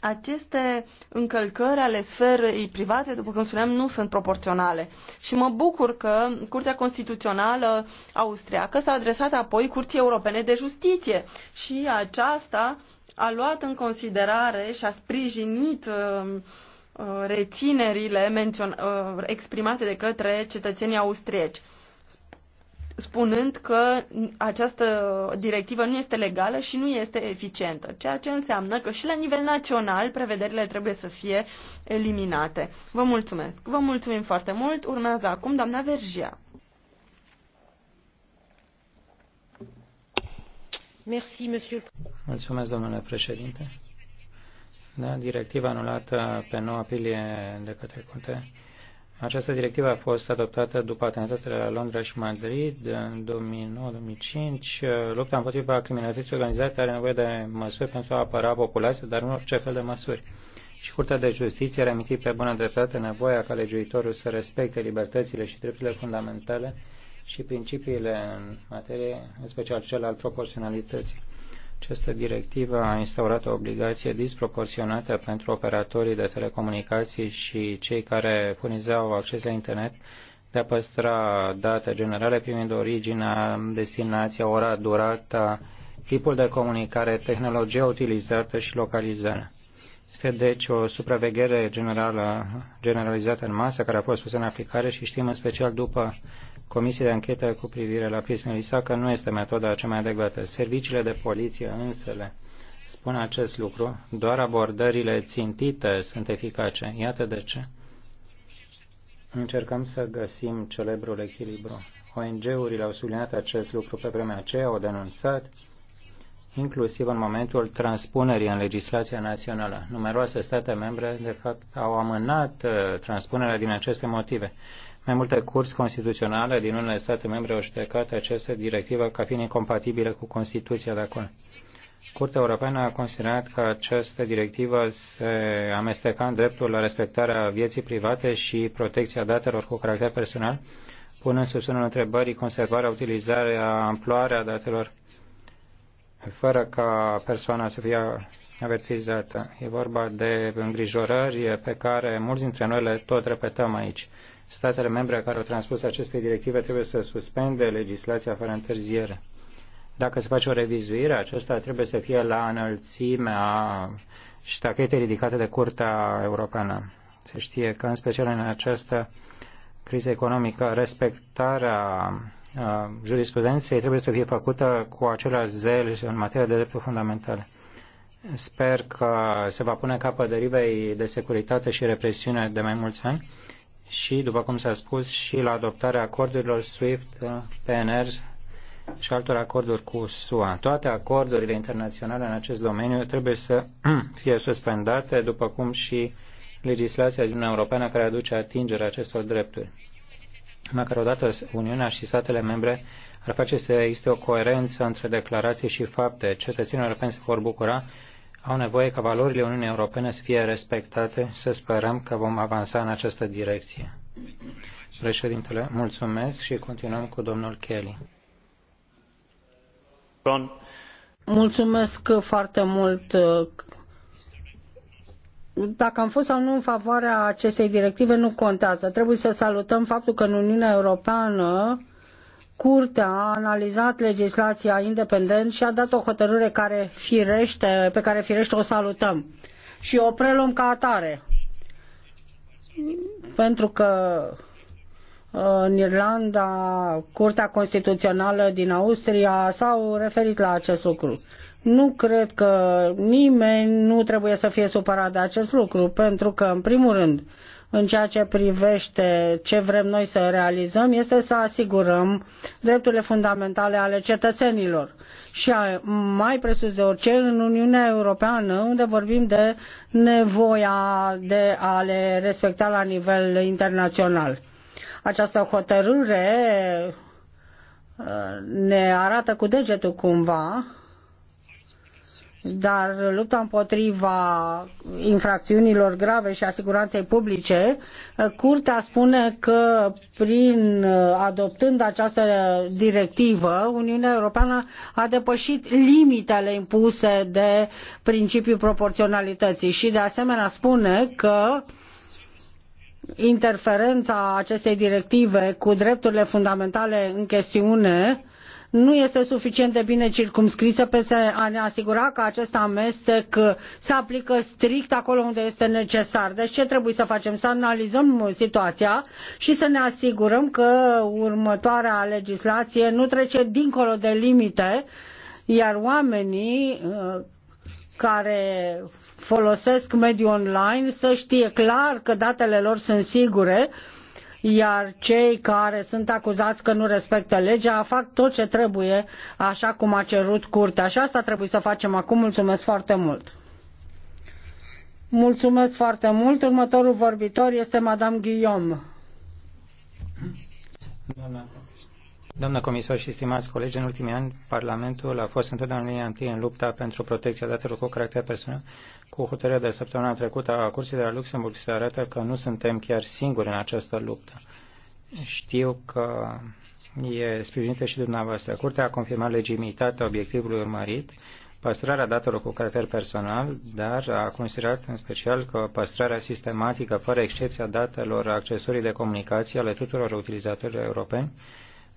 Aceste încălcări ale sferei private, după cum spuneam, nu sunt proporționale. Și mă bucur că Curtea Constituțională austriacă s-a adresat apoi Curții Europene de Justiție și aceasta a luat în considerare și a sprijinit uh, uh reținerile uh, exprimate de către cetățenii austrieci spunând că această directivă nu este legală și nu este eficientă, ceea ce înseamnă că și la nivel național prevederile trebuie să fie eliminate. Vă mulțumesc. Vă mulțumim foarte mult. Urmează acum doamna Vergia. Mulțumesc, domnule președinte. Da, directiva anulată pe 9 aprilie de către Curte această directivă a fost adoptată după atentatele la Londra și Madrid în 2009-2005. Lupta împotriva criminalității organizate are nevoie de măsuri pentru a apăra populația, dar nu orice fel de măsuri. Și Curtea de Justiție a remitit pe bună dreptate nevoia ca legiuitorul să respecte libertățile și drepturile fundamentale și principiile în materie, în special cel al proporționalității. Această directivă a instaurat o obligație disproporționată pentru operatorii de telecomunicații și cei care furnizau acces la internet de a păstra date generale privind originea, destinația, ora, durata, tipul de comunicare, tehnologia utilizată și localizarea. Este deci o supraveghere generală, generalizată în masă care a fost pusă în aplicare și știm în special după Comisie de anchetă cu privire la Prismul că nu este metoda cea mai adecvată. Serviciile de poliție însele spun acest lucru, doar abordările țintite sunt eficace. Iată de ce. Încercăm să găsim celebrul echilibru. ONG-urile au subliniat acest lucru pe vremea aceea, au denunțat, inclusiv în momentul transpunerii în legislația națională. Numeroase state membre, de fapt, au amânat uh, transpunerea din aceste motive. Mai multe curs constituționale din unele state membre au judecat această directivă ca fiind incompatibilă cu Constituția de acolo. Curtea Europeană a considerat că această directivă se amesteca în dreptul la respectarea vieții private și protecția datelor cu caracter personal, punând sub semnul întrebării conservarea, utilizarea, amploarea datelor fără ca persoana să fie avertizată. E vorba de îngrijorări pe care mulți dintre noi le tot repetăm aici. Statele membre care au transpus aceste directive trebuie să suspende legislația fără întârziere. Dacă se face o revizuire, aceasta trebuie să fie la înălțimea ștachetei ridicate de Curtea Europeană. Se știe că, în special în această criză economică, respectarea uh, jurisprudenței trebuie să fie făcută cu același zel în materie de drepturi fundamentale. Sper că se va pune capăt derivei de securitate și represiune de mai mulți ani și, după cum s-a spus, și la adoptarea acordurilor SWIFT, PNR și altor acorduri cu SUA. Toate acordurile internaționale în acest domeniu trebuie să *clears throat* fie suspendate, după cum și legislația din Uniunea Europeană care aduce atingerea acestor drepturi. Măcar odată Uniunea și statele membre ar face să existe o coerență între declarații și fapte. Cetățenii europeni se vor bucura au nevoie ca valorile Uniunii Europene să fie respectate și să sperăm că vom avansa în această direcție. Președintele, mulțumesc și continuăm cu domnul Kelly. John. Mulțumesc foarte mult. Dacă am fost sau nu în favoarea acestei directive, nu contează. Trebuie să salutăm faptul că în Uniunea Europeană Curtea a analizat legislația independent și a dat o hotărâre care firește, pe care firește o salutăm și o preluăm ca atare. Pentru că în Irlanda, Curtea Constituțională din Austria s-au referit la acest lucru. Nu cred că nimeni nu trebuie să fie supărat de acest lucru, pentru că, în primul rând, în ceea ce privește ce vrem noi să realizăm este să asigurăm drepturile fundamentale ale cetățenilor. Și mai presus de orice, în Uniunea Europeană, unde vorbim de nevoia de a le respecta la nivel internațional. Această hotărâre ne arată cu degetul cumva dar lupta împotriva infracțiunilor grave și a siguranței publice, Curtea spune că prin adoptând această directivă, Uniunea Europeană a depășit limitele impuse de principiul proporționalității și de asemenea spune că interferența acestei directive cu drepturile fundamentale în chestiune nu este suficient de bine circumscrisă pentru a ne asigura că acest amestec se aplică strict acolo unde este necesar. Deci ce trebuie să facem? Să analizăm situația și să ne asigurăm că următoarea legislație nu trece dincolo de limite, iar oamenii uh, care folosesc mediul online să știe clar că datele lor sunt sigure iar cei care sunt acuzați că nu respectă legea fac tot ce trebuie, așa cum a cerut curtea. Și asta trebuie să facem acum. Mulțumesc foarte mult! Mulțumesc foarte mult! Următorul vorbitor este Madame Guillaume. Doamna, doamna comisar și stimați colegi, în ultimii ani Parlamentul a fost întotdeauna în întâi în lupta pentru protecția datelor cu caracter personal cu hotărârea de săptămâna trecută a Curții de la Luxemburg se arată că nu suntem chiar singuri în această luptă. Știu că e sprijinită și dumneavoastră. Curtea a confirmat legitimitatea obiectivului urmărit, păstrarea datelor cu caracter personal, dar a considerat în special că păstrarea sistematică, fără excepția datelor accesorii de comunicație ale tuturor utilizatorilor europeni,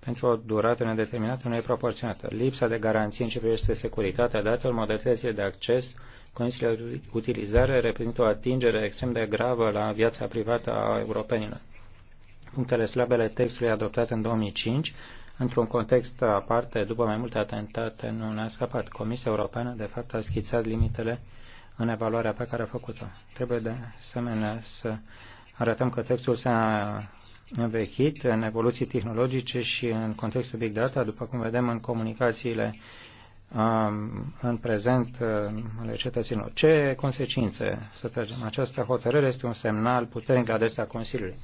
pentru o durată nedeterminată nu e proporționată. Lipsa de garanții în ce privește securitatea datelor, modalitățile de acces, condițiile de utilizare reprezintă o atingere extrem de gravă la viața privată a europenilor. Punctele slabele textului adoptat în 2005, într-un context aparte, după mai multe atentate, nu ne-a scăpat. Comisia Europeană, de fapt, a schițat limitele în evaluarea pe care a făcut-o. Trebuie de asemenea să arătăm că textul s-a învechit în evoluții tehnologice și în contextul Big Data, după cum vedem în comunicațiile um, în prezent um, ale cetățenilor. Ce consecințe să tragem? Această hotărâre este un semnal puternic la adresa Consiliului.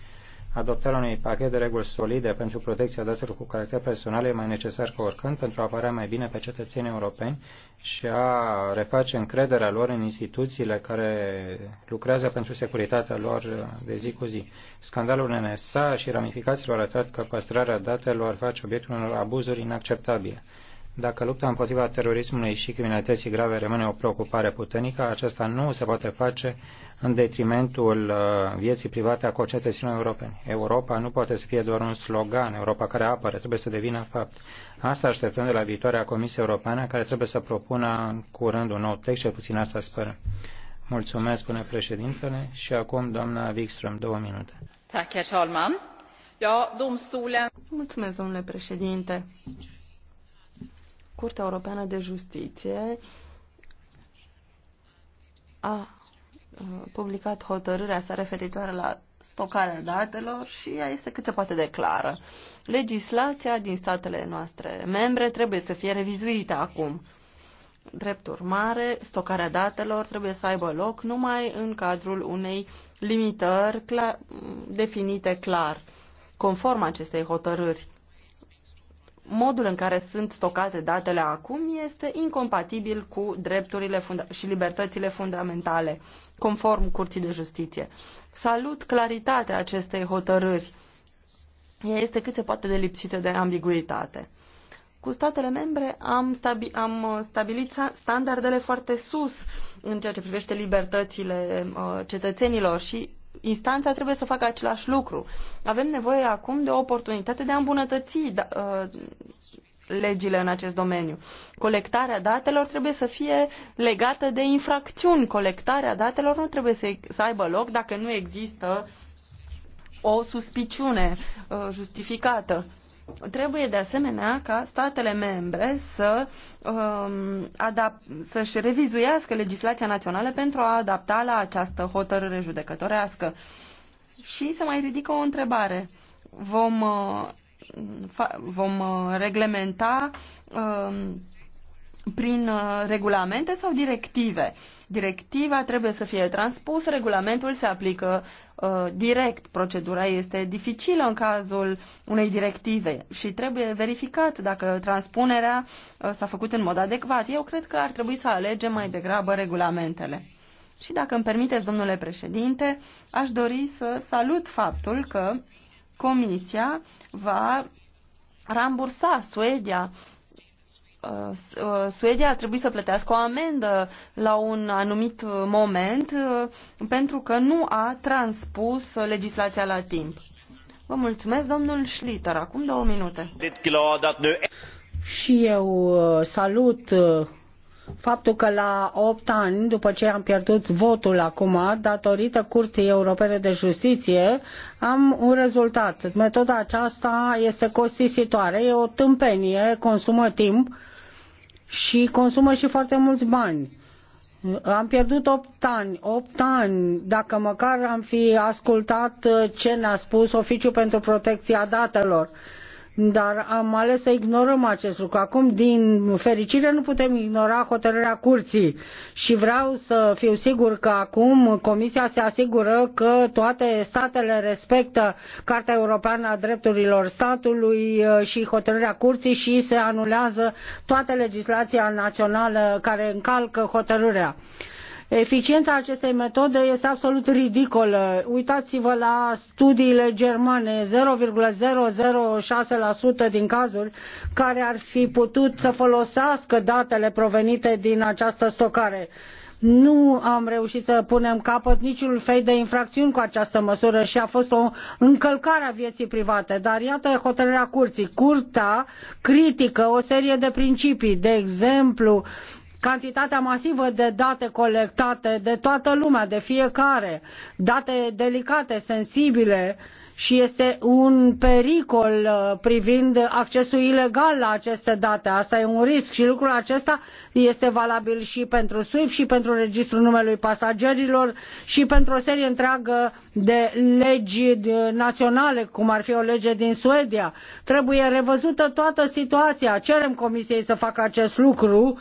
Adoptarea unui pachet de reguli solide pentru protecția datelor cu caracter personal e mai necesar ca oricând pentru a apărea mai bine pe cetățenii europeni și a reface încrederea lor în instituțiile care lucrează pentru securitatea lor de zi cu zi. Scandalul NSA și ramificațiilor arătat că păstrarea datelor face obiectul unor abuzuri inacceptabile. Dacă lupta împotriva terorismului și criminalității grave rămâne o preocupare puternică, aceasta nu se poate face în detrimentul uh, vieții private a cetățenilor europeni. Europa nu poate să fie doar un slogan, Europa care apără, trebuie să devină fapt. Asta așteptăm de la viitoarea Comisie Europeană, care trebuie să propună în curând un nou text, cel puțin asta sperăm. Mulțumesc, spune președintele, și acum doamna Wikström, două minute. Mulțumesc, domnule președinte. Curtea Europeană de Justiție a uh, publicat hotărârea sa referitoare la stocarea datelor și ea este cât se poate de clară. Legislația din statele noastre membre trebuie să fie revizuită acum. Drept urmare, stocarea datelor trebuie să aibă loc numai în cadrul unei limitări clar, definite clar, conform acestei hotărâri modul în care sunt stocate datele acum este incompatibil cu drepturile și libertățile fundamentale, conform Curții de Justiție. Salut claritatea acestei hotărâri. Ea este cât se poate de lipsită de ambiguitate. Cu statele membre am, stabi am stabilit standardele foarte sus în ceea ce privește libertățile uh, cetățenilor și instanța trebuie să facă același lucru. Avem nevoie acum de o oportunitate de a îmbunătăți da, ă, legile în acest domeniu. Colectarea datelor trebuie să fie legată de infracțiuni. Colectarea datelor nu trebuie să, să aibă loc dacă nu există o suspiciune ă, justificată. Trebuie de asemenea ca statele membre să, um, să-și revizuiască legislația națională pentru a adapta la această hotărâre judecătorească. Și să mai ridică o întrebare. Vom, uh, fa, vom uh, reglementa um, uh, prin regulamente sau directive? Directiva trebuie să fie transpusă, regulamentul se aplică Uh, direct. Procedura este dificilă în cazul unei directive și trebuie verificat dacă transpunerea uh, s-a făcut în mod adecvat. Eu cred că ar trebui să alegem mai degrabă regulamentele. Și dacă îmi permiteți, domnule președinte, aș dori să salut faptul că Comisia va rambursa Suedia Uh, Suedia a trebuit să plătească o amendă la un anumit moment uh, pentru că nu a transpus legislația la timp. Vă mulțumesc, domnul Schlitter. Acum două minute. Și eu uh, salut faptul că la 8 ani, după ce am pierdut votul acum, datorită Curții Europene de Justiție, am un rezultat. Metoda aceasta este costisitoare, e o tâmpenie, consumă timp și consumă și foarte mulți bani. Am pierdut 8 ani, 8 ani, dacă măcar am fi ascultat ce ne-a spus Oficiul pentru Protecția Datelor dar am ales să ignorăm acest lucru. Acum, din fericire, nu putem ignora hotărârea curții și vreau să fiu sigur că acum Comisia se asigură că toate statele respectă Carta Europeană a Drepturilor Statului uh, și hotărârea curții și se anulează toată legislația națională care încalcă hotărârea. Eficiența acestei metode este absolut ridicolă. Uitați-vă la studiile germane, 0,006% din cazuri care ar fi putut să folosească datele provenite din această stocare nu am reușit să punem capăt niciun fel de infracțiuni cu această măsură și a fost o încălcare a vieții private. Dar iată hotărârea curții. Curtea critică o serie de principii, de exemplu, cantitatea masivă de date colectate de toată lumea, de fiecare, date delicate, sensibile și este un pericol uh, privind accesul ilegal la aceste date. Asta e un risc și lucrul acesta este valabil și pentru SWIFT și pentru registrul numelui pasagerilor și pentru o serie întreagă de legi uh, naționale, cum ar fi o lege din Suedia. Trebuie revăzută toată situația. Cerem Comisiei să facă acest lucru uh,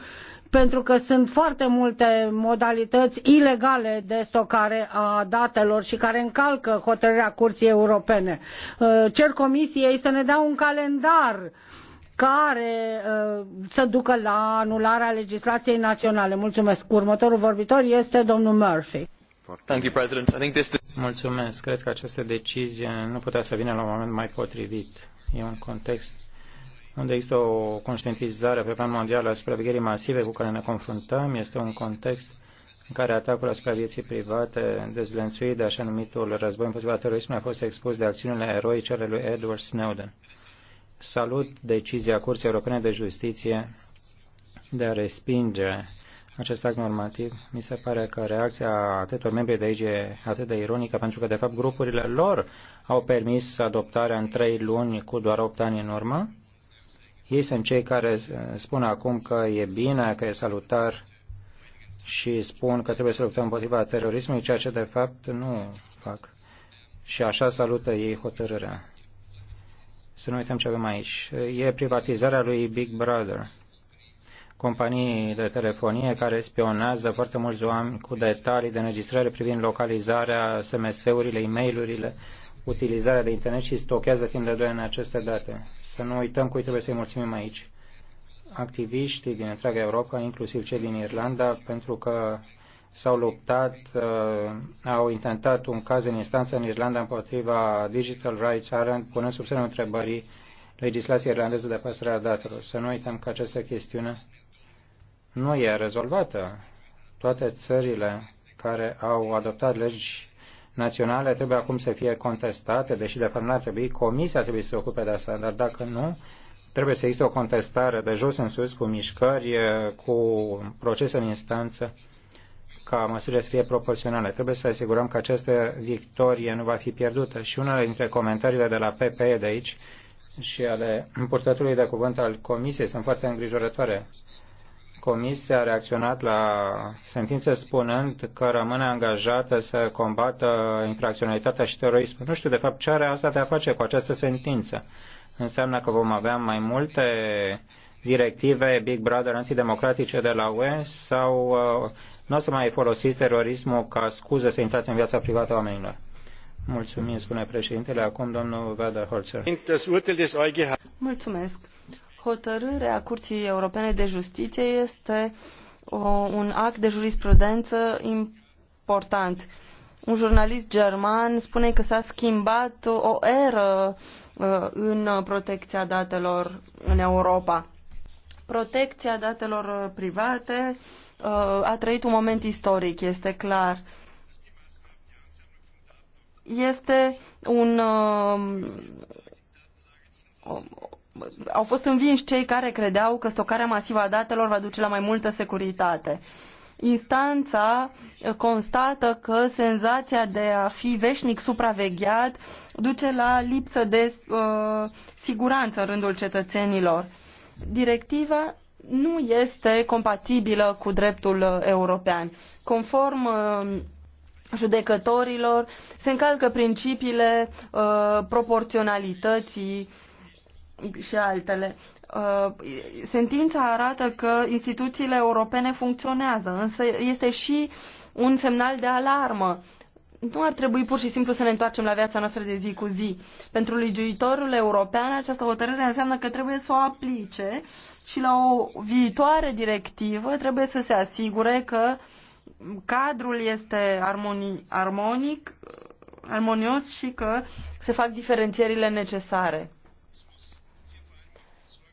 pentru că sunt foarte multe modalități ilegale de stocare a datelor și care încalcă hotărârea Curții Europene. Uh, cer Comisiei să ne dea un calendar care uh, să ducă la anularea legislației naționale. Mulțumesc. Următorul vorbitor este domnul Murphy. Mulțumesc. Cred că această decizie nu putea să vină la un moment mai potrivit. E un context unde există o conștientizare pe plan mondial asupra vegherii masive cu care ne confruntăm. Este un context în care atacul asupra vieții private, dezlănțuit de așa numitul război împotriva terorismului, a fost expus de acțiunile eroice ale lui Edward Snowden. Salut decizia Curții Europene de Justiție de a respinge acest act normativ. Mi se pare că reacția atâtor membri de aici e atât de ironică, pentru că, de fapt, grupurile lor au permis adoptarea în trei luni cu doar opt ani în urmă ei sunt cei care uh, spun acum că e bine, că e salutar și spun că trebuie să luptăm împotriva terorismului, ceea ce de fapt nu fac. Și așa salută ei hotărârea. Să nu uităm ce avem aici. E privatizarea lui Big Brother. Companii de telefonie care spionează foarte mulți oameni cu detalii de înregistrare privind localizarea, SMS-urile, e-mail-urile, utilizarea de internet și stochează timp de doi ani aceste date. Să nu uităm cui trebuie să-i mulțumim aici. Activiștii din întreaga Europa, inclusiv cei din Irlanda, pentru că s-au luptat, uh, au intentat un caz în instanță în Irlanda împotriva Digital Rights Ireland, punând sub semnul întrebării legislația irlandeză de păstrare a datelor. Să nu uităm că această chestiune nu e rezolvată. Toate țările care au adoptat legi naționale trebuie acum să fie contestate, deși de fapt nu ar trebui, comisia trebuie să se ocupe de asta, dar dacă nu, trebuie să existe o contestare de jos în sus cu mișcări, cu proces în instanță ca măsurile să fie proporționale. Trebuie să asigurăm că această victorie nu va fi pierdută. Și una dintre comentariile de la PPE de aici și ale purtătorului de cuvânt al Comisiei sunt foarte îngrijorătoare. Comisia a reacționat la sentință spunând că rămâne angajată să combată infracționalitatea și terorismul. Nu știu, de fapt, ce are asta de a face cu această sentință. Înseamnă că vom avea mai multe directive Big Brother antidemocratice de la UE sau uh, nu o să mai folosiți terorismul ca scuză să intrați în viața privată a oamenilor? Mulțumim, spune președintele. Acum domnul Werder Holzer. Mulțumesc. Hotărârea Curții Europene de Justiție este o, uh, un act de jurisprudență important. Un jurnalist german spune că s-a schimbat o eră uh, în protecția datelor în Europa. Protecția datelor private uh, a trăit un moment istoric, este clar. Este un, au fost învinși cei care credeau că stocarea masivă a datelor va duce la mai multă securitate. Instanța eh, constată că senzația de a fi veșnic supravegheat duce la lipsă de uh, siguranță în rândul cetățenilor. Directiva nu este compatibilă cu dreptul eh, european. Conform uh, judecătorilor, se încalcă principiile uh, proporționalității uh, și altele. Uh, sentința arată că instituțiile europene funcționează, însă este și un semnal de alarmă. Nu ar trebui pur și simplu să ne întoarcem la viața noastră de zi cu zi. Pentru legiuitorul european această hotărâre înseamnă că trebuie să o aplice și la o viitoare directivă trebuie să se asigure că cadrul este armoni armonic, armonios și că se fac diferențierile necesare.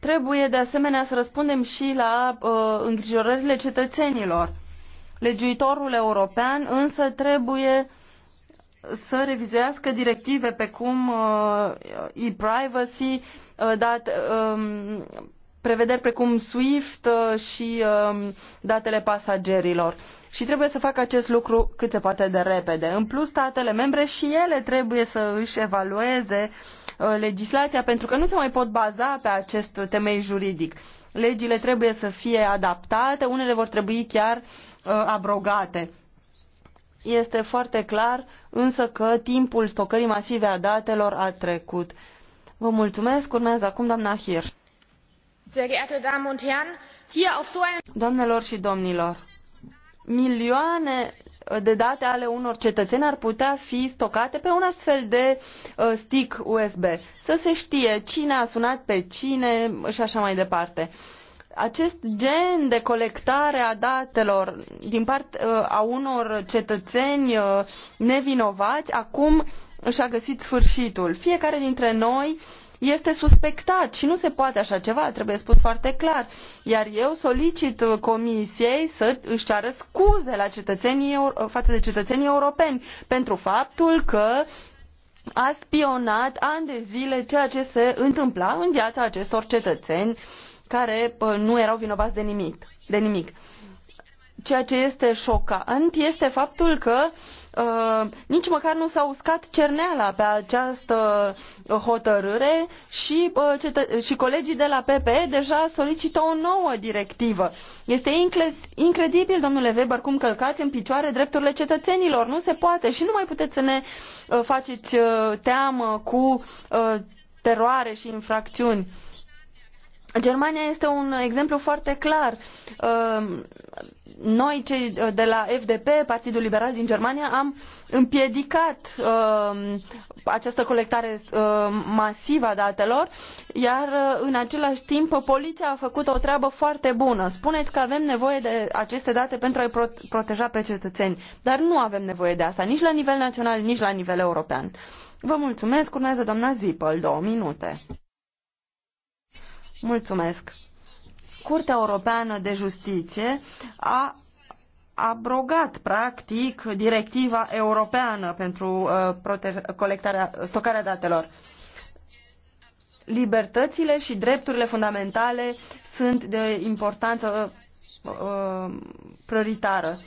Trebuie de asemenea să răspundem și la uh, îngrijorările cetățenilor. Legiuitorul european însă trebuie să revizuiască directive pe cum uh, e-privacy, uh, dat, um, uh, prevederi precum SWIFT uh, și uh, datele pasagerilor. Și trebuie să facă acest lucru cât se poate de repede. În plus, statele membre și ele trebuie să își evalueze uh, Uh, legislația pentru că nu se mai pot baza pe acest temei juridic. Legile trebuie să fie adaptate, unele vor trebui chiar uh, abrogate. Este foarte clar însă că timpul stocării masive a datelor a trecut. Vă mulțumesc. Urmează acum doamna Hir. Doamnelor și domnilor, milioane de date ale unor cetățeni ar putea fi stocate pe un astfel de uh, stick USB. Să se știe cine a sunat pe cine și așa mai departe. Acest gen de colectare a datelor din partea uh, a unor cetățeni uh, nevinovați acum și-a găsit sfârșitul. Fiecare dintre noi uh, este suspectat și nu se poate așa ceva, trebuie spus foarte clar. Iar eu solicit Comisiei să își ceară scuze la cetățenii, față de cetățenii europeni pentru faptul că a spionat ani de zile ceea ce se întâmpla în viața acestor cetățeni care nu erau vinovați de nimic. De nimic. Ceea ce este șocant este faptul că uh, Uh, nici măcar nu s-a uscat cerneala pe această hotărâre și, uh, și colegii de la PPE deja solicită o nouă directivă. Este incredibil, domnule Weber, cum călcați în picioare drepturile cetățenilor. Nu se poate și nu mai puteți să ne uh, faceți teamă cu teroare și infracțiuni. Germania este un exemplu foarte clar. Ehm, noi, cei eh, de la FDP, Partidul Liberal din Germania, am împiedicat ehm, această colectare ehm, masivă a datelor, iar eh, în același timp poliția a făcut o treabă foarte bună. Spuneți că avem nevoie de aceste date pentru a-i proteja pe cetățeni, dar nu avem nevoie de asta, nici la nivel național, nici la nivel european. Vă mulțumesc, urmează doamna Zipăl, două minute. Mulțumesc. Curtea Europeană de Justiție a abrogat practic directiva europeană pentru uh, colectarea, stocarea datelor. Libertățile și drepturile fundamentale sunt de importanță uh, uh, prioritară.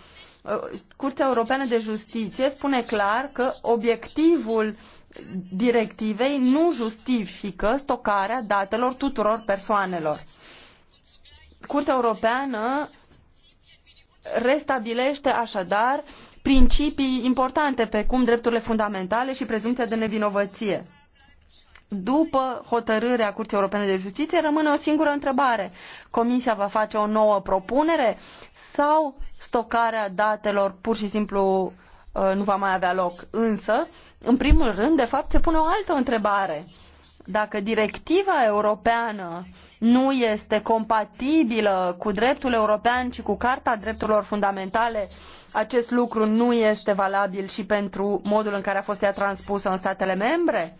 Curtea Europeană de Justiție spune clar că obiectivul uh, directivei nu justifică stocarea datelor tuturor persoanelor. Curtea Europeană restabilește așadar principii importante precum drepturile fundamentale și prezumția de nevinovăție. După hotărârea Curții Europene de Justiție rămâne o singură întrebare. Comisia va face o nouă propunere sau stocarea datelor pur și simplu Uh, nu va mai avea loc. Însă, în primul rând, de fapt, se pune o altă întrebare. Dacă directiva europeană nu este compatibilă cu dreptul european și cu Carta Drepturilor Fundamentale, acest lucru nu este valabil și pentru modul în care a fost ea transpusă în statele membre?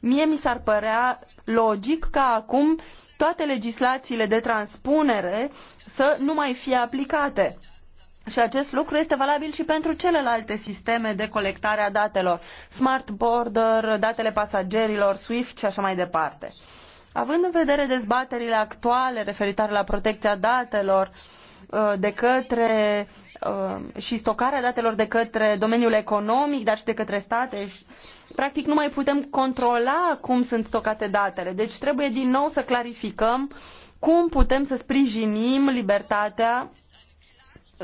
Mie mi s-ar părea logic ca acum toate legislațiile de transpunere să nu mai fie aplicate. Și acest lucru este valabil și pentru celelalte sisteme de colectare a datelor, Smart Border, datele pasagerilor, SWIFT și așa mai departe. Având în vedere dezbaterile actuale referitoare la protecția datelor uh, de către uh, și stocarea datelor de către domeniul economic, dar și de către state, practic nu mai putem controla cum sunt stocate datele. Deci trebuie din nou să clarificăm cum putem să sprijinim libertatea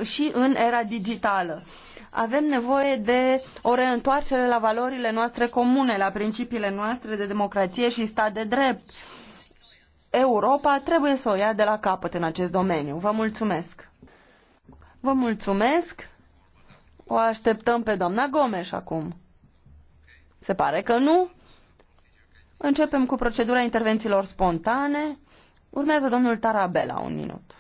și în era digitală. Avem nevoie de o reîntoarcere la valorile noastre comune, la principiile noastre de democrație și stat de drept. Europa trebuie să o ia de la capăt în acest domeniu. Vă mulțumesc! Vă mulțumesc! O așteptăm pe doamna Gomes acum. Se pare că nu. Începem cu procedura intervențiilor spontane. Urmează domnul Tarabela, un minut.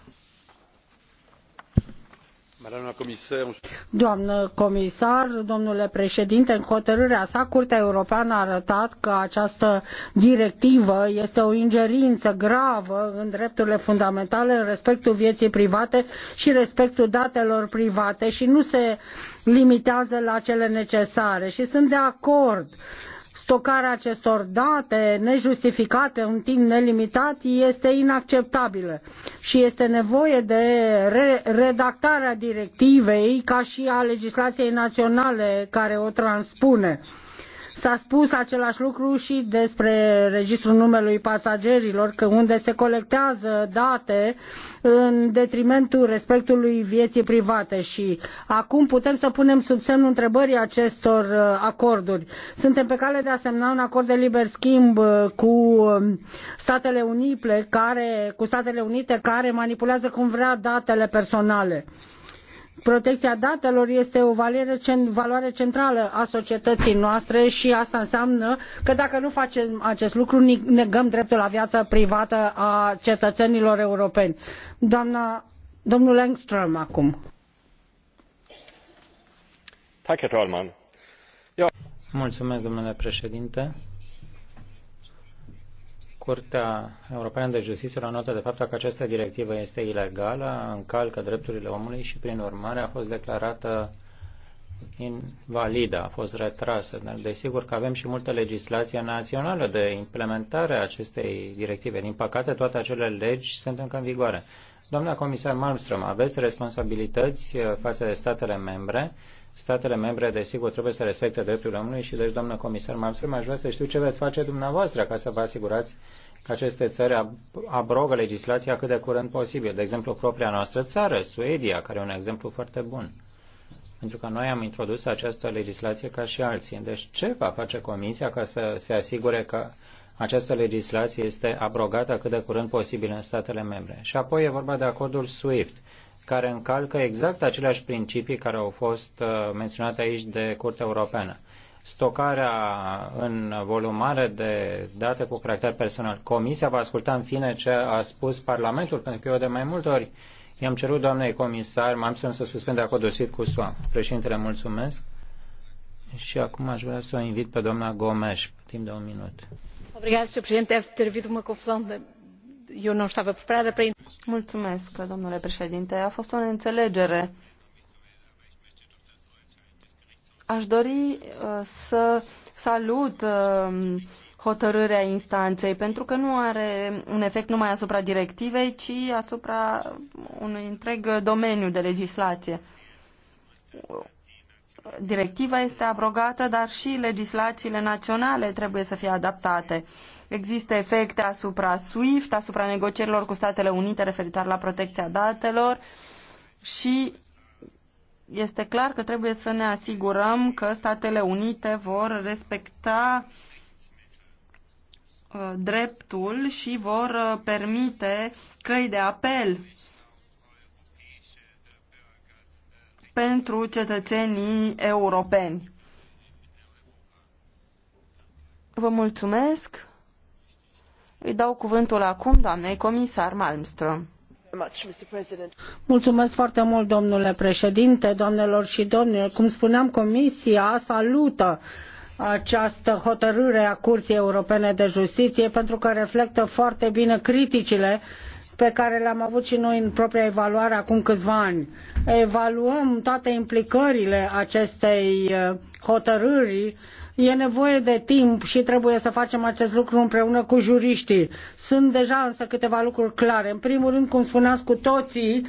Doamnă comisar, domnule președinte, în hotărârea sa, Curtea Europeană a arătat că această directivă este o ingerință gravă în drepturile fundamentale, în respectul vieții private și respectul datelor private și nu se limitează la cele necesare. Și sunt de acord cu stocarea acestor date nejustificate în timp nelimitat este inacceptabilă și este nevoie de re redactarea directivei ca și a legislației naționale care o transpune. S-a spus același lucru și despre registrul numelui pasagerilor, că unde se colectează date în detrimentul respectului vieții private și acum putem să punem sub semnul întrebării acestor uh, acorduri. Suntem pe cale de a semna un acord de liber schimb uh, cu um, Statele Unite care, cu Statele Unite care manipulează cum vrea datele personale. Protecția datelor este o valoare centrală a societății noastre și asta înseamnă că dacă nu facem acest lucru, negăm dreptul la viața privată a cetățenilor europeni. Doamna, domnul Engström acum. Mulțumesc, domnule președinte Curtea Europeană de Justiție la notă de faptul că această directivă este ilegală, încalcă drepturile omului și, prin urmare, a fost declarată invalidă, a fost retrasă. Dar, desigur, că avem și multă legislație națională de implementare a acestei directive. Din păcate, toate acele legi sunt încă în vigoare. Doamna comisar Malmström, aveți responsabilități față de statele membre Statele membre, desigur, trebuie să respecte drepturile omului și, deci, doamnă comisar Malmström, aș vrea să știu ce veți face dumneavoastră ca să vă asigurați că aceste țări abrogă legislația cât de curând posibil. De exemplu, propria noastră țară, Suedia, care e un exemplu foarte bun. Pentru că noi am introdus această legislație ca și alții. Deci ce va face Comisia ca să se asigure că această legislație este abrogată cât de curând posibil în statele membre? Și apoi e vorba de acordul SWIFT care încalcă exact aceleași principii care au fost uh, menționate aici de Curtea Europeană. Stocarea în volumare de date cu caracter personal. Comisia va asculta în fine ce a spus Parlamentul, pentru că eu de mai multe ori i-am cerut doamnei comisar m-am spus să suspende acolo dosit cu SUA. Președintele, mulțumesc. Și acum aș vrea să o invit pe doamna Gomes, timp de un minut. Obrigado, Sr. Presidente. Deve ter havido uma confusão de eu nu domnule președinte. A fost o neînțelegere. Aș dori uh, să salut uh, hotărârea instanței, pentru că nu are un efect numai asupra directivei, ci asupra unui întreg domeniu de legislație. Directiva este abrogată, dar și legislațiile naționale trebuie să fie adaptate. Există efecte asupra SWIFT, asupra negocierilor cu Statele Unite referitor la protecția datelor și este clar că trebuie să ne asigurăm că Statele Unite vor respecta uh, dreptul și vor uh, permite căi de apel pentru cetățenii europeni. Vă mulțumesc. Îi dau cuvântul acum doamnei comisar Malmström. Mulțumesc foarte mult, domnule președinte, doamnelor și domnilor. Cum spuneam, Comisia salută această hotărâre a Curții Europene de Justiție pentru că reflectă foarte bine criticile uh, pe care l-am avut și noi în propria evaluare acum câțiva ani. Evaluăm toate implicările acestei uh, hotărâri. E nevoie de timp și trebuie să facem acest lucru împreună cu juriștii. Sunt deja însă câteva lucruri clare. În primul rând, cum spuneați cu toții,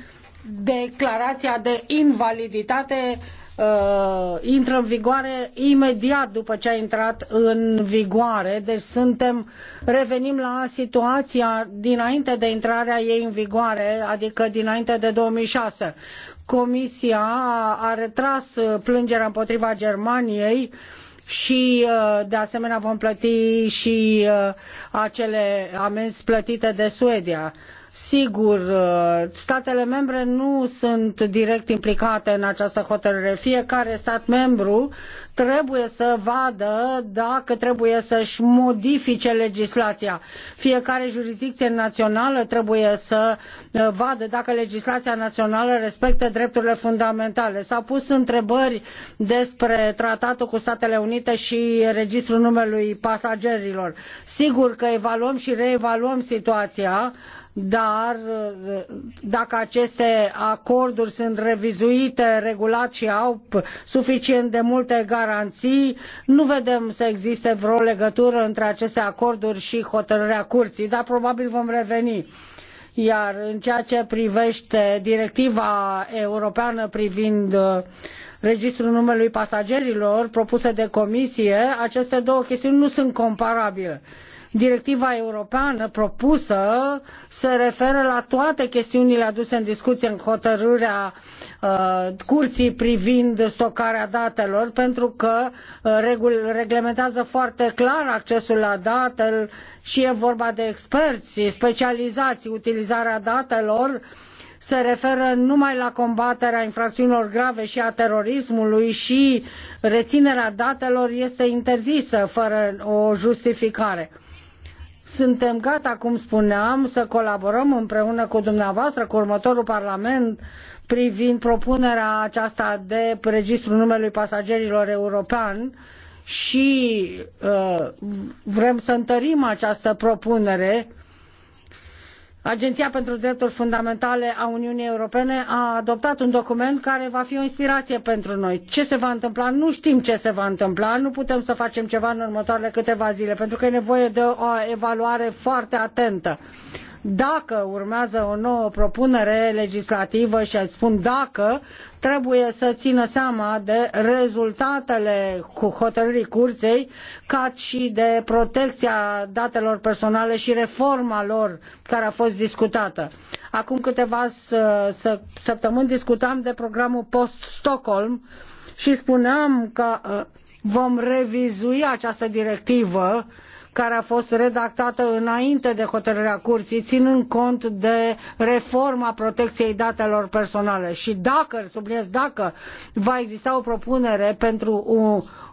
declarația de invaliditate uh, intră în vigoare imediat după ce a intrat în vigoare. Deci suntem, revenim la situația dinainte de intrarea ei în vigoare, adică dinainte de 2006. Comisia a retras plângerea împotriva Germaniei și uh, de asemenea vom plăti și uh, acele amenzi plătite de Suedia Sigur, uh, statele membre nu sunt direct implicate în această hotărâre. Fiecare stat membru trebuie să vadă dacă trebuie să-și modifice legislația. Fiecare jurisdicție națională trebuie să uh, vadă dacă legislația națională respectă drepturile fundamentale. S-au pus întrebări despre tratatul cu Statele Unite și registrul numelui pasagerilor. Sigur că evaluăm și reevaluăm situația dar dacă aceste acorduri sunt revizuite regulat și au suficient de multe garanții, nu vedem să existe vreo legătură între aceste acorduri și hotărârea curții, dar probabil vom reveni. Iar în ceea ce privește directiva europeană privind uh, registrul numelui pasagerilor propusă de comisie, aceste două chestiuni nu sunt comparabile. Directiva europeană propusă se referă la toate chestiunile aduse în discuție în hotărârea uh, curții privind stocarea datelor, pentru că uh, regul, reglementează foarte clar accesul la date și e vorba de experți specializați, utilizarea datelor se referă numai la combaterea infracțiunilor grave și a terorismului și reținerea datelor este interzisă fără o justificare. Suntem gata, cum spuneam, să colaborăm împreună cu dumneavoastră, cu următorul Parlament, privind propunerea aceasta de registru numelui pasagerilor european și uh, vrem să întărim această propunere uh, Agenția pentru Drepturi Fundamentale a Uniunii Europene a adoptat un document care va fi o inspirație pentru noi. Ce se va întâmpla? Nu știm ce se va întâmpla, nu putem să facem ceva în următoarele câteva zile, pentru că e nevoie de o evaluare foarte atentă dacă urmează o nouă propunere legislativă și îți spun dacă, trebuie să țină seama de rezultatele cu hotărârii curței, ca și de protecția datelor personale și reforma lor care a fost discutată. Acum câteva săptămâni discutam de programul Post-Stockholm și spuneam că uh, vom revizui această directivă uh, care a fost redactată înainte de hotărârea curții, ținând cont de reforma protecției datelor personale. Și dacă, subliniez dacă, va exista o propunere pentru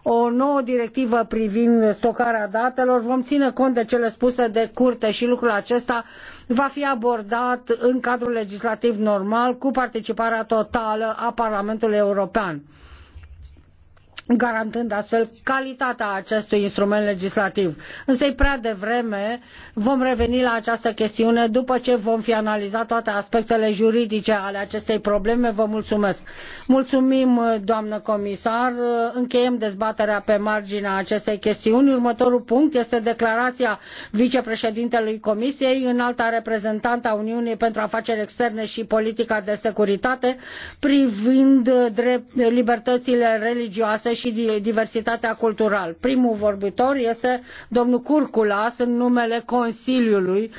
o, o nouă directivă privind stocarea datelor, vom ține cont de cele spuse de curte și lucrul acesta va fi abordat în cadrul legislativ normal cu participarea totală a Parlamentului European garantând astfel calitatea acestui instrument legislativ. Însă e prea devreme, vom reveni la această chestiune după ce vom fi analizat toate aspectele juridice ale acestei probleme. Vă mulțumesc. Mulțumim, doamnă comisar. Încheiem dezbaterea pe marginea acestei chestiuni. Următorul punct este declarația vicepreședintelui Comisiei, înalta reprezentantă a Uniunii pentru Afaceri Externe și Politica de Securitate, privind drept, libertățile religioase și diversitatea culturală. Primul vorbitor este domnul Curculas în numele Consiliului